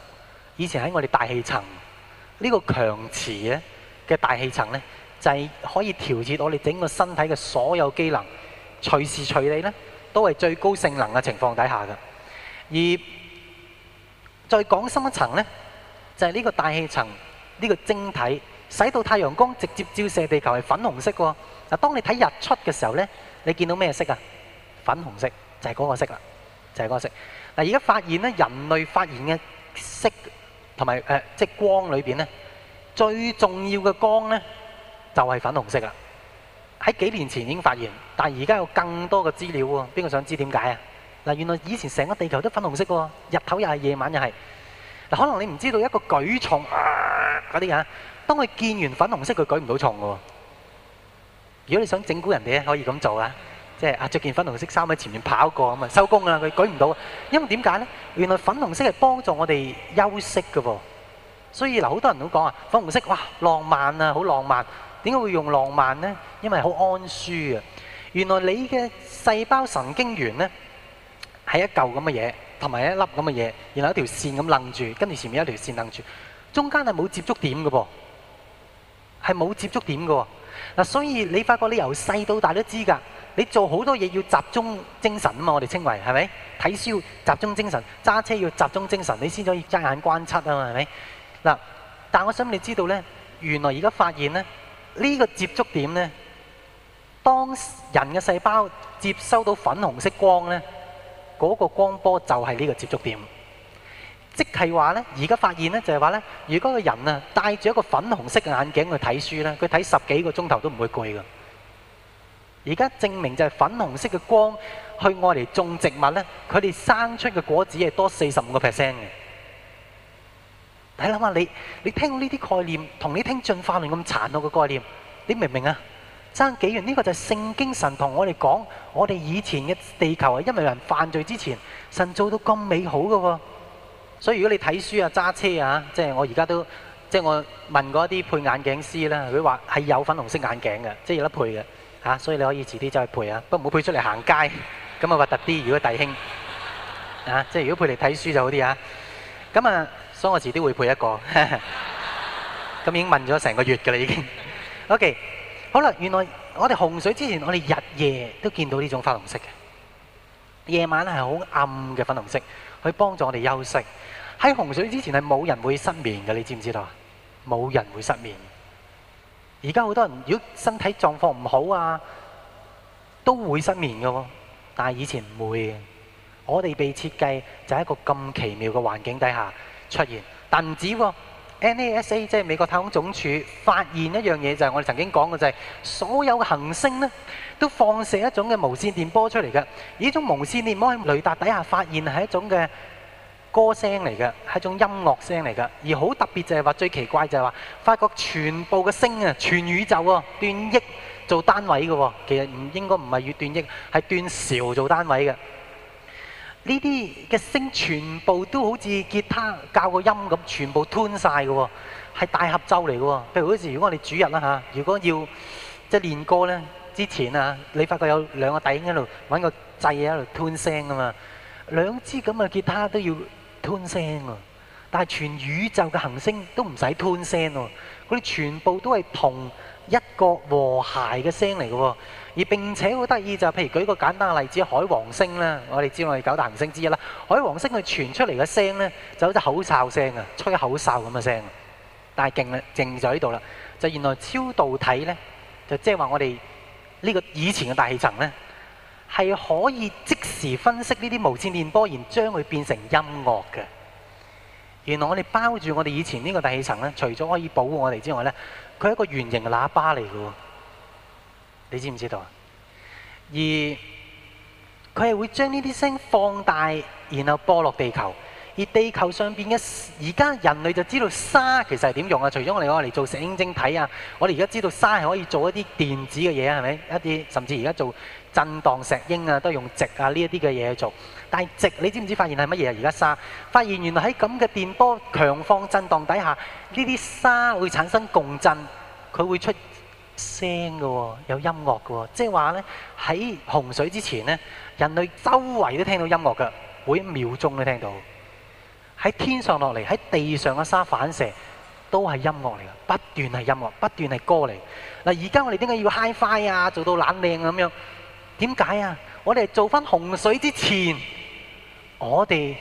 A: 以前喺我哋大氣層。呢個強磁嘅大氣層呢，就係可以調節到你整個身體嘅所有機能，隨時隨地呢，都係最高性能嘅情況底下嘅。而再講深一層呢，就係呢個大氣層呢個晶體，使到太陽光直接照射地球係粉紅色喎。嗱，當你睇日出嘅時候呢，你見到咩色啊？粉紅色就係嗰個色啦，就係嗰個色。嗱，而家發現呢，人類發現嘅色。同埋誒，即係光裏邊咧，最重要嘅光咧就係粉紅色啦。喺幾年前已經發現，但係而家有更多嘅資料喎。邊個想知點解啊？嗱，原來以前成個地球都粉紅色喎，日頭又係，夜晚又係。嗱，可能你唔知道一個舉重嗰啲啊，人，當佢見完粉紅色，佢舉唔到重嘅喎。如果你想整蠱人哋咧，可以咁做啊！即係啊，著件粉紅色衫喺前面跑過咁啊，收工啊！佢舉唔到，因為點解呢？原來粉紅色係幫助我哋休息嘅噃。所以嗱，好多人都講啊，粉紅色，嘩，浪漫啊，好浪漫。點解會用浪漫呢？因為好安舒啊。原來你嘅細胞神經元呢係一嚿咁嘅嘢，同埋一粒咁嘅嘢，然後一條線咁楞住，跟住前面一條線楞住，中間係冇接觸點嘅噃，係冇接觸點嘅。嗱，所以你發覺你由細到大都知㗎。你做好多嘢要集中精神啊嘛，我哋稱為係咪？睇書要集中精神，揸車要集中精神，你先可以揸眼觀察啊嘛，係咪？嗱，但我想你知道呢，原來而家發現呢，呢個接觸點呢，當人嘅細胞接收到粉紅色光呢，嗰個光波就係呢個接觸點。即係話呢，而家發現呢，就係話呢，如果個人啊戴住一個粉紅色嘅眼鏡去睇書呢，佢睇十幾個鐘頭都唔會攰㗎。而家證明就係粉紅色嘅光去愛嚟種植物咧，佢哋生出嘅果子係多四十五個 percent 嘅。睇諗下你，你聽呢啲概念，同你聽進化論咁殘酷嘅概念，你明唔明啊？爭幾遠？呢個就係聖經神同我哋講，我哋以前嘅地球係，因為有人犯罪之前，神造到咁美好嘅喎。所以如果你睇書啊、揸車啊，即係我而家都即係我問過一啲配眼鏡師咧，佢話係有粉紅色眼鏡嘅，即係有得配嘅。嚇，所以你可以遲啲再配啊，不過唔好配出嚟行街，咁啊核突啲。如果弟兄，啊，即係如果配嚟睇書就好啲啊。咁啊，所以我遲啲會配一個。咁已經問咗成個月㗎啦，已經。OK，好啦，原來我哋洪水之前，我哋日夜都見到呢種粉紅色嘅。夜晚係好暗嘅粉紅色，去幫助我哋休息。喺洪水之前係冇人會失眠嘅，你知唔知道啊？冇人會失眠。而家好多人，如果身體狀況唔好啊，都會失眠嘅喎。但係以前唔會嘅。我哋被設計就喺一個咁奇妙嘅環境底下出現。但唔止喎，NASA 即係美國太空總署發現一樣嘢，就係我哋曾經講過，就係所有嘅恆星呢都放射一種嘅無線電波出嚟嘅。而呢種無線電波喺雷達底下發現係一種嘅歌聲嚟嘅係一種音樂聲嚟嘅，而好特別就係話最奇怪就係話，發覺全部嘅聲啊，全宇宙啊、哦，段億做單位嘅喎、哦，其實唔應該唔係要段億，係段兆做單位嘅。呢啲嘅聲全部都好似吉他教個音咁，全部吞晒嘅喎，係大合奏嚟嘅喎。譬如嗰時，如果我哋主日啦嚇，如果要即係練歌咧，之前啊，你發覺有兩個弟兄喺度揾個掣喺度吞聲嘅嘛，兩支咁嘅吉他都要。吞聲啊！但係全宇宙嘅行星都唔使吞聲喎，嗰啲全部都係同一個和諧嘅聲嚟嘅喎。而並且好得意就譬如舉個簡單嘅例子，海王星啦，我哋知道我哋九大行星之一啦。海王星佢傳出嚟嘅聲咧，就好似口哨聲啊，吹口哨咁嘅聲。但係勁啊，勁咗喺度啦。就原來超導體咧，就即係話我哋呢個以前嘅大氣層咧。係可以即時分析呢啲無線電波，然將佢變成音樂嘅。原來我哋包住我哋以前呢個大氣層咧，除咗可以保護我哋之外咧，佢係一個圓形喇叭嚟㗎。你知唔知道？而佢係會將呢啲聲放大，然後播落地球。而地球上邊嘅而家人類就知道沙其實係點用啊？除咗我哋攞嚟做石英晶體啊，我哋而家知道沙係可以做一啲電子嘅嘢啊，係咪？一啲甚至而家做。震盪石英啊，都係用直啊呢一啲嘅嘢去做。但係直，你知唔知發現係乜嘢啊？而家沙發現原來喺咁嘅電波強放震盪底下，呢啲沙會產生共振，佢會出聲㗎喎，有音樂㗎喎。即係話呢，喺洪水之前呢，人類周圍都聽到音樂㗎，每一秒鐘都聽到。喺天上落嚟，喺地上嘅沙反射都係音樂嚟嘅，不斷係音樂，不斷係歌嚟。嗱，而家我哋點解要 Hi-Fi 啊？做到冷靚咁樣。點解啊？我哋做翻洪水之前，我哋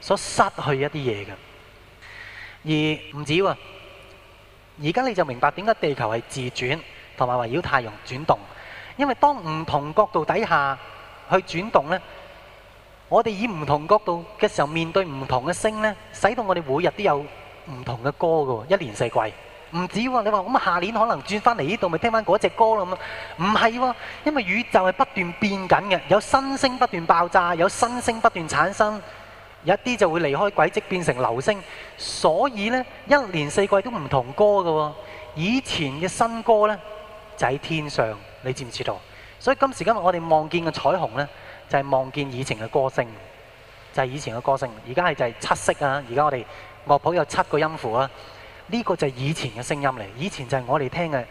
A: 所失去一啲嘢嘅，而唔止喎。而家你就明白點解地球係自轉同埋圍繞太陽轉動，因為當唔同角度底下去轉動呢，我哋以唔同角度嘅時候面對唔同嘅星呢，使到我哋每日都有唔同嘅歌嘅，一年四季。唔止喎，你話咁下年可能轉返嚟呢度咪聽翻嗰隻歌咯，咁唔係喎，因為宇宙係不斷變緊嘅，有新星不斷爆炸，有新星不斷產生，有一啲就會離開軌跡變成流星。所以呢，一年四季都唔同歌嘅喎、哦。以前嘅新歌呢，就喺天上，你知唔知道？所以今時今日我哋望見嘅彩虹呢，就係、是、望見以前嘅歌聲就係、是、以前嘅歌聲而家係就係七色啊！而家我哋樂譜有七個音符啊。呢個就係以前嘅聲音嚟，以前就係我哋聽嘅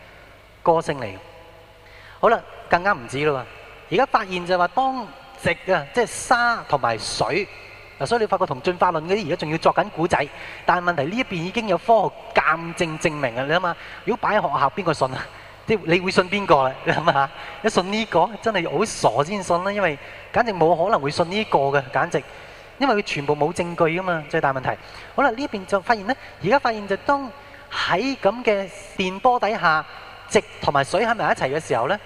A: 歌聲嚟。好啦，更加唔止啦。而家發現就係話，當值啊，即係沙同埋水。嗱，所以你發覺同進化論嗰啲而家仲要作緊古仔。但係問題呢一邊已經有科學鑑證證明嘅，你諗下，如果擺喺學校，邊個信啊？即係你會信邊個咧？你諗下，你信呢個真係好傻先信啦，因為簡直冇可能會信呢個嘅，簡直。因為佢全部冇證據噶嘛，最大問題。好啦，呢邊就發現呢，而家發現就當喺咁嘅電波底下，直同埋水喺埋一齊嘅時候呢，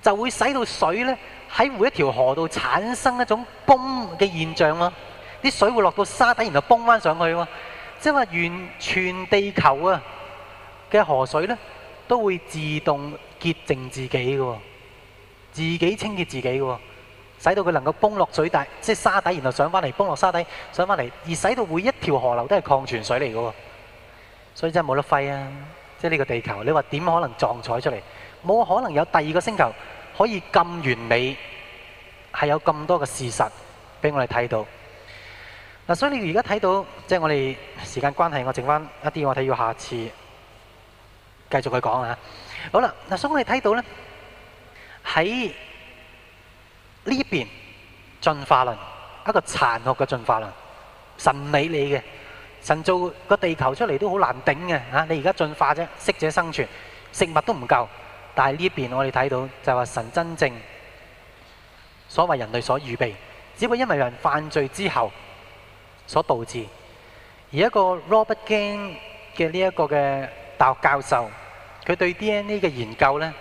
A: 就會使到水呢喺每一條河度產生一種泵嘅現象咯。啲水會落到沙底，然後泵翻上去喎。即係話，完全地球啊嘅河水呢，都會自動潔淨自己嘅，自己清潔自己嘅。使到佢能夠崩落水底，即係沙底，然後上翻嚟崩落沙底，上翻嚟，而使到每一條河流都係礦泉水嚟嘅喎，所以真係冇得揮啊！即係呢個地球，你話點可能撞彩出嚟？冇可能有第二個星球可以咁完美，係有咁多嘅事實俾我哋睇到。嗱，所以你而家睇到，即係我哋時間關係，我剩翻一啲我睇要下次繼續去講喇。好啦，嗱，所以我哋睇到咧喺。呢邊進化論一個殘酷嘅進化論，神理你嘅神做個地球出嚟都好難頂嘅、啊、你現在進而家進化啫，適者生存，食物都唔夠。但係呢邊我哋睇到就係話神真正所謂人類所預備，只不過因為人犯罪之後所導致。而一個 Robert g a n e 嘅呢一個嘅大學教授，佢對 D N A 嘅研究呢，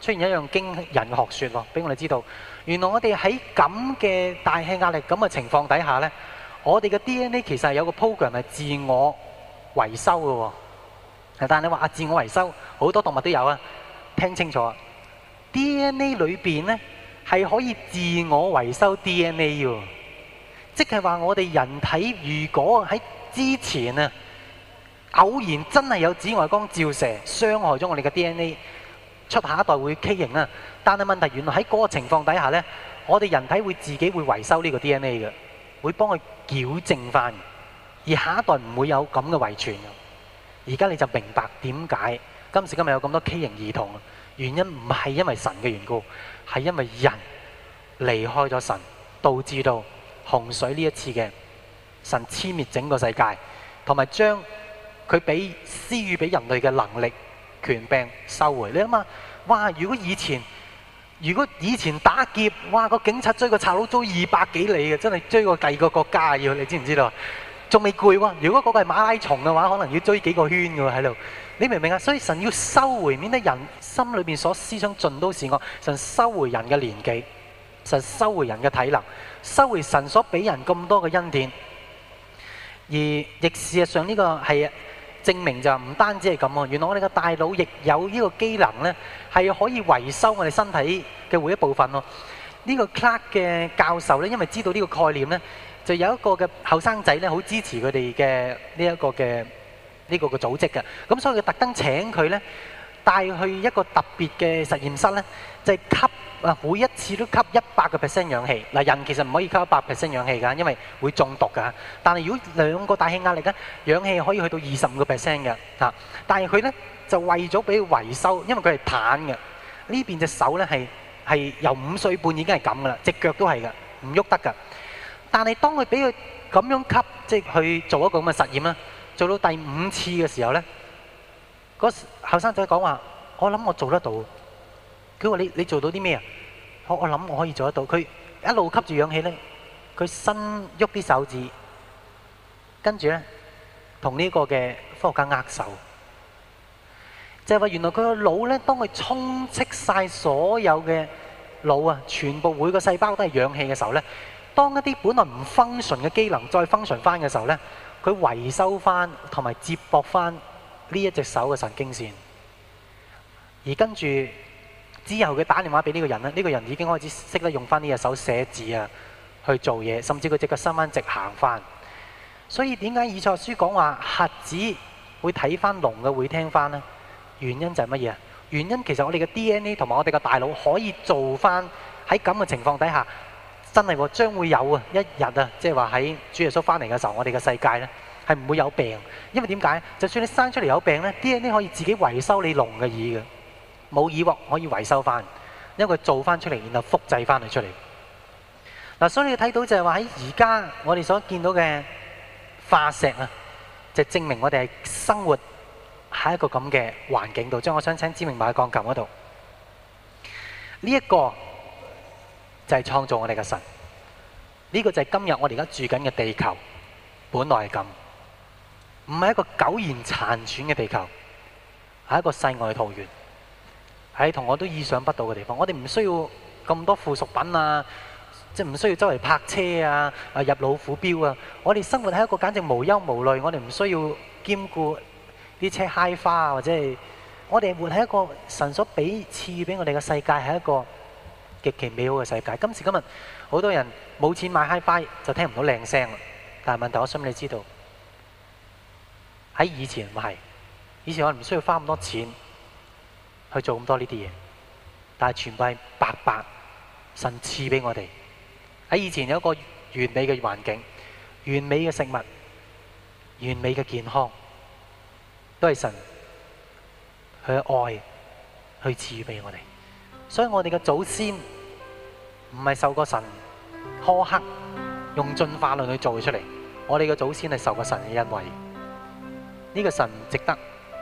A: 出現一樣驚人嘅學説，俾我哋知道。原來我哋喺咁嘅大氣壓力咁嘅情況底下呢，我哋嘅 DNA 其實係有個 program 係自我維修嘅喎。但係你話啊，自我維修好多動物都有啊。聽清楚，DNA 裏面呢係可以自我維修 DNA 喎。即係話我哋人體如果喺之前啊，偶然真係有紫外光照射，傷害咗我哋嘅 DNA。出下一代會畸形啊！但係問題是原來喺嗰個情況底下咧，我哋人體會自己會維修呢個 DNA 嘅，會幫佢矯正翻，而下一代唔會有咁嘅遺傳。而家你就明白點解今時今日有咁多畸形兒童啊？原因唔係因為神嘅緣故，係因為人離開咗神，導致到洪水呢一次嘅神殲滅整個世界，同埋將佢俾施予俾人類嘅能力，權柄收回，你諗下，哇！如果以前，如果以前打劫，哇！個警察追個賊佬追二百幾里，嘅，真係追過第二個國家要，你知唔知道？仲未攰喎，如果嗰個係馬拉松嘅話，可能要追幾個圈喎喺度。你明唔明啊？所以神要收回，免得人心裏面所思想盡都是我。神收回人嘅年紀，神收回人嘅體能，收回神所俾人咁多嘅恩典。而亦事實上呢個係證明就唔單止係咁喎，原來我哋個大腦亦有呢個機能咧，係可以維修我哋身體嘅每一部分喎。呢個 Clark 嘅教授咧，因為知道呢個概念咧，就有一個嘅後生仔咧，好支持佢哋嘅呢一個嘅呢個嘅組織嘅，咁所以佢特登請佢咧帶去一個特別嘅實驗室咧。就係吸啊！每一次都吸一百個 percent 氧氣。嗱，人其實唔可以吸一百 percent 氧氣㗎，因為會中毒㗎。但係如果兩個大氣壓力咧，氧氣可以去到二十五個 percent 嘅嚇。但係佢咧就為咗俾佢維修，因為佢係癱嘅。呢邊隻手咧係係由五歲半已經係咁㗎啦，隻腳都係㗎，唔喐得㗎。但係當佢俾佢咁樣吸，即係去做一個咁嘅實驗啦，做到第五次嘅時候咧，嗰後生仔講話：我諗我做得到。佢話：你你做到啲咩啊？我我諗我可以做得到。佢一路吸住氧氣咧，佢伸喐啲手指，跟住咧同呢個嘅科學家握手，就係話原來佢個腦咧，當佢充斥曬所有嘅腦啊，全部每個細胞都係氧氣嘅時候咧，當一啲本來唔 function 嘅機能再 function 翻嘅時候咧，佢維修翻同埋接駁翻呢一隻手嘅神經線，而跟住。之後佢打電話俾呢個人呢呢、呢個人已經開始識得用翻呢隻手寫字啊，去做嘢，甚至佢隻腳伸翻直行翻。所以點解《以賽書》講話瞎子會睇翻，聾嘅會聽翻呢？原因就係乜嘢啊？原因其實我哋嘅 DNA 同埋我哋嘅大腦可以做翻喺咁嘅情況底下，真係喎、哦、將會有啊一日啊，即係話喺主耶穌返嚟嘅時候，我哋嘅世界呢，係唔會有病，因為點解？就算你生出嚟有病呢 DNA 可以自己維修你聾嘅耳嘅。冇以鑊可以維修翻，因為佢做翻出嚟，然後複製翻佢出嚟。嗱、啊，所以你睇到就係話喺而家我哋所見到嘅化石啊，就是、證明我哋係生活喺一個咁嘅環境度。將我想請知名喺鋼琴嗰度，呢、這、一個就係創造我哋嘅神。呢、這個就係今日我哋而家住緊嘅地球，本來係咁，唔係一個苟延殘喘嘅地球，係一個世外桃源。喺同我都意想不到嘅地方，我哋唔需要咁多附屬品啊，即係唔需要周圍泊車啊，啊入老虎標啊，我哋生活喺一個簡直無憂無慮，我哋唔需要兼顧啲車 HiFi 啊，或者係我哋活喺一個神所俾賜俾我哋嘅世界，係一個極其美好嘅世界。今時今日，好多人冇錢買 HiFi 就聽唔到靚聲啦。但係問題，我希望你知道喺以前唔係，以前我哋唔需要花咁多錢。去做咁多呢啲嘢，但係全部係白白神賜俾我哋。喺以前有一個完美嘅環境、完美嘅食物、完美嘅健康，都係神佢嘅愛去賜予俾我哋。所以我哋嘅祖先唔係受過神苛刻，用進化論去做出嚟。我哋嘅祖先係受過神嘅恩惠。呢個神值得，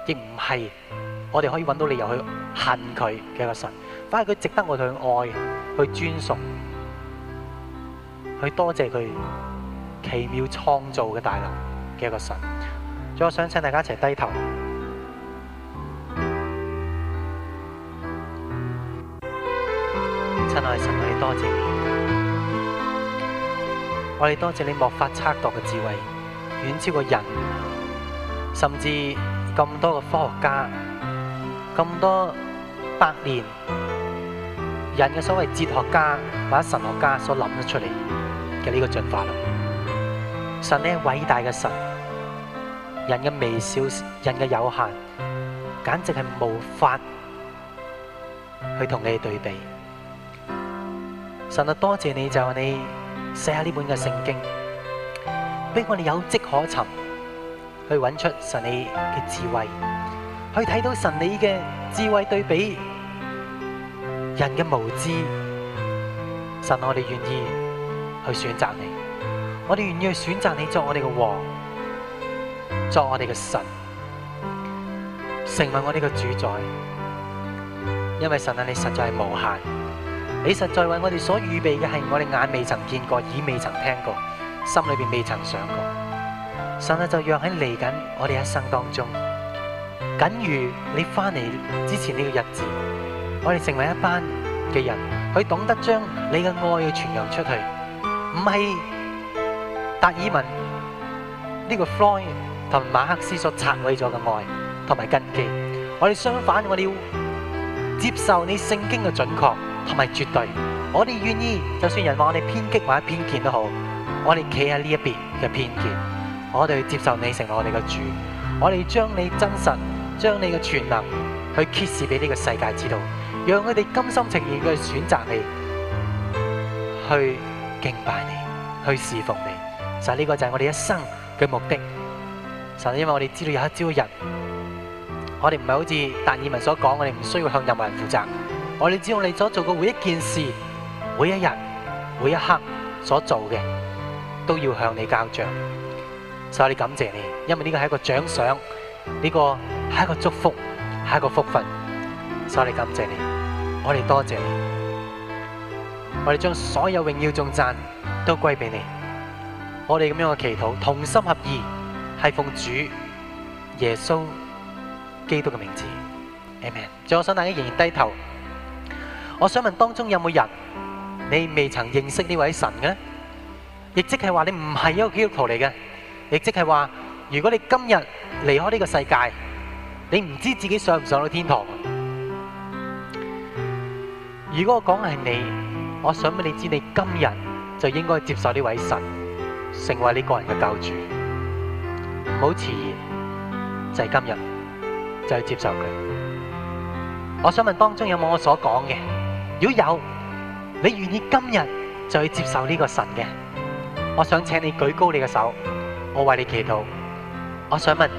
A: 亦唔係。我哋可以揾到理由去恨佢嘅一個神，反而佢值得我哋去愛、去尊崇、去多謝佢奇妙創造嘅大能嘅一個神。咁我想請大家一齊低頭，親愛神，我哋多謝你，我哋多謝你莫法測度嘅智慧，遠超過人，甚至咁多嘅科學家。咁多百年人嘅所謂哲學家或者神學家所諗得出嚟嘅呢個進化啦，神呢，係偉大嘅神，人嘅微小，人嘅有限，簡直係無法去同你哋對比。神啊，多謝你就係你寫下呢本嘅聖經，俾我哋有迹可尋，去揾出神你嘅智慧。去睇到神你嘅智慧對比人嘅無知，神啊，我哋願意去選擇你，我哋願意去選擇你作我哋嘅王，作我哋嘅神，成為我哋嘅主宰。因為神啊，你實在係無限，你實在為我哋所預備嘅係我哋眼未曾見過，耳未曾聽過，心裏邊未曾想過。神啊，就讓喺嚟緊我哋一生當中。僅如你翻嚟之前，呢個日子，我哋成為一班嘅人，佢懂得將你嘅愛去傳揚出去，唔係達爾文呢個 Floyd 同馬克思所拆毀咗嘅愛同埋根基。我哋相反，我哋要接受你聖經嘅準確同埋絕對。我哋願意，就算人話我哋偏激或者偏見都好，我哋企喺呢一邊嘅偏見，我哋要接受你成為我哋嘅主，我哋將你真實。將你嘅全能去揭示俾呢個世界知道，讓佢哋甘心情願去選擇你，去敬拜你，去侍奉你。神，呢個就係我哋一生嘅目的。神，因為我哋知道有一朝人，我哋唔係好似達爾文所講，我哋唔需要向任何人負責。我哋知道我哋所做嘅每一件事、每一日、每一刻所做嘅，都要向你交賬。所以我哋感謝你，因為呢個係一個獎賞、這，呢個，係一個祝福，係一個福分，所以感謝你，我哋多謝你，我哋將所有榮耀頌讚都歸俾你。我哋咁樣嘅祈禱，同心合意，係奉主耶穌基督嘅名字，Amen。在我想大家仍然低頭，我想問當中有冇人你未曾認識呢位神嘅？亦即係話你唔係一個基督徒嚟嘅，亦即係話如果你今日離開呢個世界。你唔知自己上唔上到天堂？如果我講係你，我想俾你知，你今日就應該接受呢位神，成為呢個人嘅救主。唔好遲疑，就係今日就去接受佢。我想問當中有冇我所講嘅？如果有，你願意今日就去接受呢個神嘅？我想請你舉高你嘅手，我為你祈禱。我想問。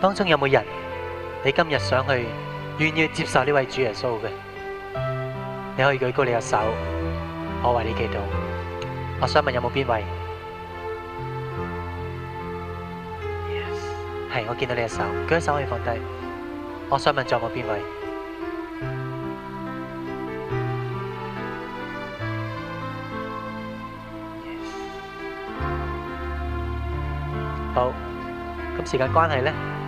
A: 當中有冇人？你今日想去，願意去接受呢位主耶穌嘅？你可以舉高你嘅手，我為你祈禱。我想問有冇邊位？係，我見到你嘅手，舉手可以放低。我想問仲有冇邊位？好，咁時間關係咧。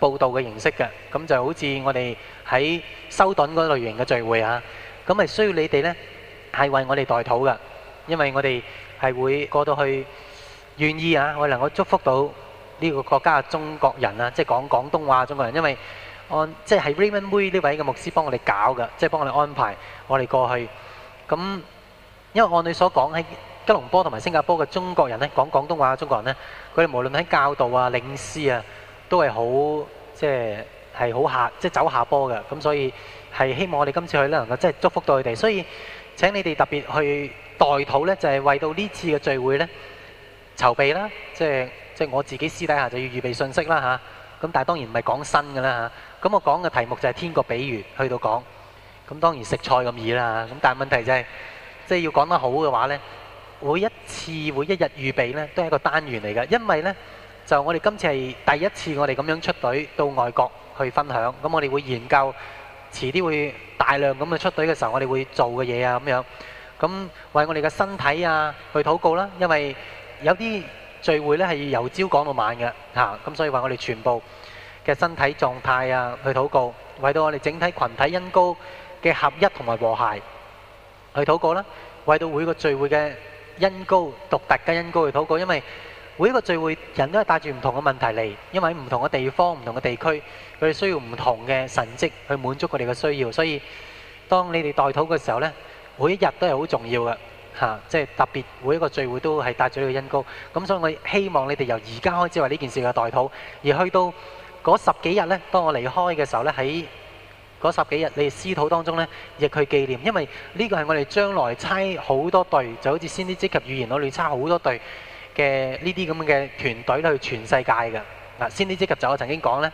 A: 報道嘅形式嘅，咁就好似我哋喺修頓嗰類型嘅聚會啊，咁係需要你哋呢係為我哋代禱嘅，因為我哋係會過到去願意啊，我能夠祝福到呢個國家嘅中國人啊，即係講廣東話中國人，因為按即係 Raymond 妹呢位嘅牧師幫我哋搞嘅，即係幫我哋安排我哋過去。咁因為按你所講喺吉隆坡同埋新加坡嘅中國人呢，講廣東話嘅中國人呢，佢哋無論喺教導啊、領師啊。都係好，即係係好下，即係走下坡嘅，咁所以係希望我哋今次去咧，能夠即係祝福到佢哋。所以請你哋特別去代禱咧，就係為到呢次嘅聚會咧籌備啦。即係即係我自己私底下就要預備信息啦嚇。咁但係當然唔係講新嘅啦嚇。咁我講嘅題目就係天國比喻去到講，咁當然食菜咁易啦嚇。咁但係問題就係，即係要講得好嘅話咧，每一次每一日預備咧，都係一個單元嚟嘅，因為咧。就我哋今次係第一次，我哋咁樣出隊到外國去分享。咁我哋會研究，遲啲會大量咁去出隊嘅時候，我哋會做嘅嘢啊咁樣。咁為我哋嘅身體啊去禱告啦，因為有啲聚會咧係由朝講到晚嘅嚇，咁所以話我哋全部嘅身體狀態啊去禱告，為到我哋整體羣體恩膏嘅合一同埋和諧去禱告啦，為到每個聚會嘅恩膏獨特嘅恩膏去禱告，因為。每一個聚會，人都係帶住唔同嘅問題嚟，因為唔同嘅地方、唔同嘅地區，佢哋需要唔同嘅神蹟去滿足佢哋嘅需要，所以當你哋代禱嘅時候咧，每一日都係好重要嘅，嚇，即係特別每一個聚會都係帶住呢個恩膏。咁所以我希望你哋由而家開始為呢件事嘅代禱，而去到嗰十幾日咧，當我離開嘅時候咧，喺嗰十幾日你哋私禱當中咧，亦去紀念，因為呢個係我哋將來差好多隊，就好似先啲積及語言嗰裏差好多隊。嘅呢啲咁嘅團隊去全世界嘅啊，先呢隻劇集就我曾經講咧，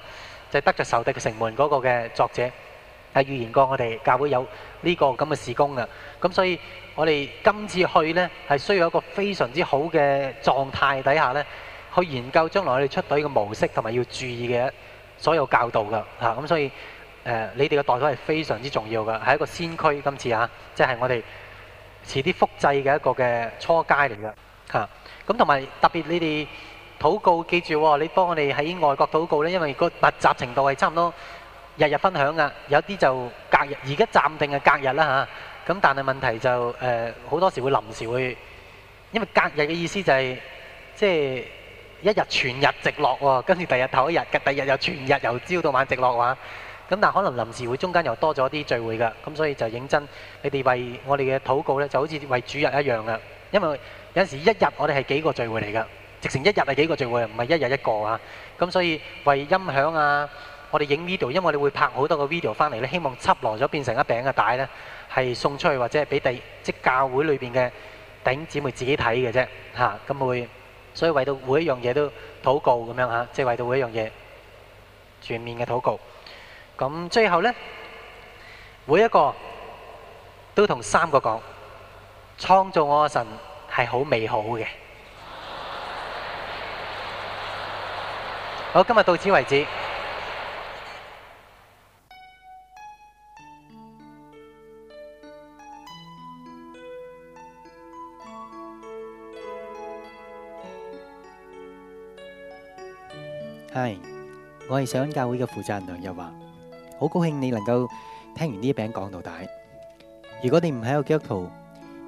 A: 就係得著仇敵嘅城門嗰個嘅作者係預言過我哋教會有呢個咁嘅事工嘅。咁所以我哋今次去咧，係需要一個非常之好嘅狀態底下咧，去研究將來我哋出隊嘅模式同埋要注意嘅所有教導嘅嚇。咁所以誒，你哋嘅代表係非常之重要嘅，係一個先驅今次啊，即係我哋遲啲複製嘅一個嘅初階嚟嘅嚇。咁同埋特別，你哋禱告記住喎，你幫我哋喺外國禱告呢，因為個密集程度係差唔多日日分享噶，有啲就隔日，而家暫定係隔日啦吓。咁但係問題就誒好多時會臨時會，因為隔日嘅意思就係即係一日全日直落喎，跟住第日頭一日，第日又全日由朝到晚直落嘅話，咁但係可能臨時會中間又多咗啲聚會噶，咁所以就認真你哋為我哋嘅禱告呢，就好似為主日一樣噶，因為。有時一日我哋係幾個聚會嚟㗎，直成一日係幾個聚會，唔係一日一個啊。咁所以為音響啊，我哋影 video，因為我哋會拍好多個 video 翻嚟咧，希望輯落咗變成一餅嘅帶咧，係送出去或者俾第即係教會裏邊嘅弟兄姊妹自己睇嘅啫嚇。咁會所以為到每一樣嘢都禱告咁樣嚇，即係為到每一樣嘢全面嘅禱告。咁最後咧，每一個都同三個講創造我嘅神。係好美好嘅。好，今日到此為止。係，我係上恩教會嘅負責人梁日華，好高興你能夠聽完呢一餅講到底。如果你唔喺個基督徒。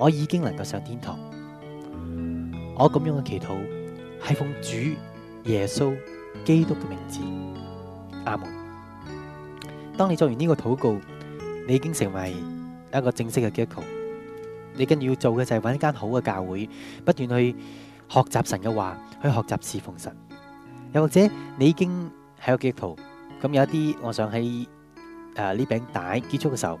A: 我已經能夠上天堂。我咁樣嘅祈禱係奉主耶穌基督嘅名字，阿門。當你做完呢個禱告，你已經成為一個正式嘅基督徒。你跟住要做嘅就係揾一間好嘅教會，不斷去學習神嘅話，去學習侍奉神。又或者你已經係個基督徒，咁有一啲，我想喺誒呢餅帶結束嘅時候。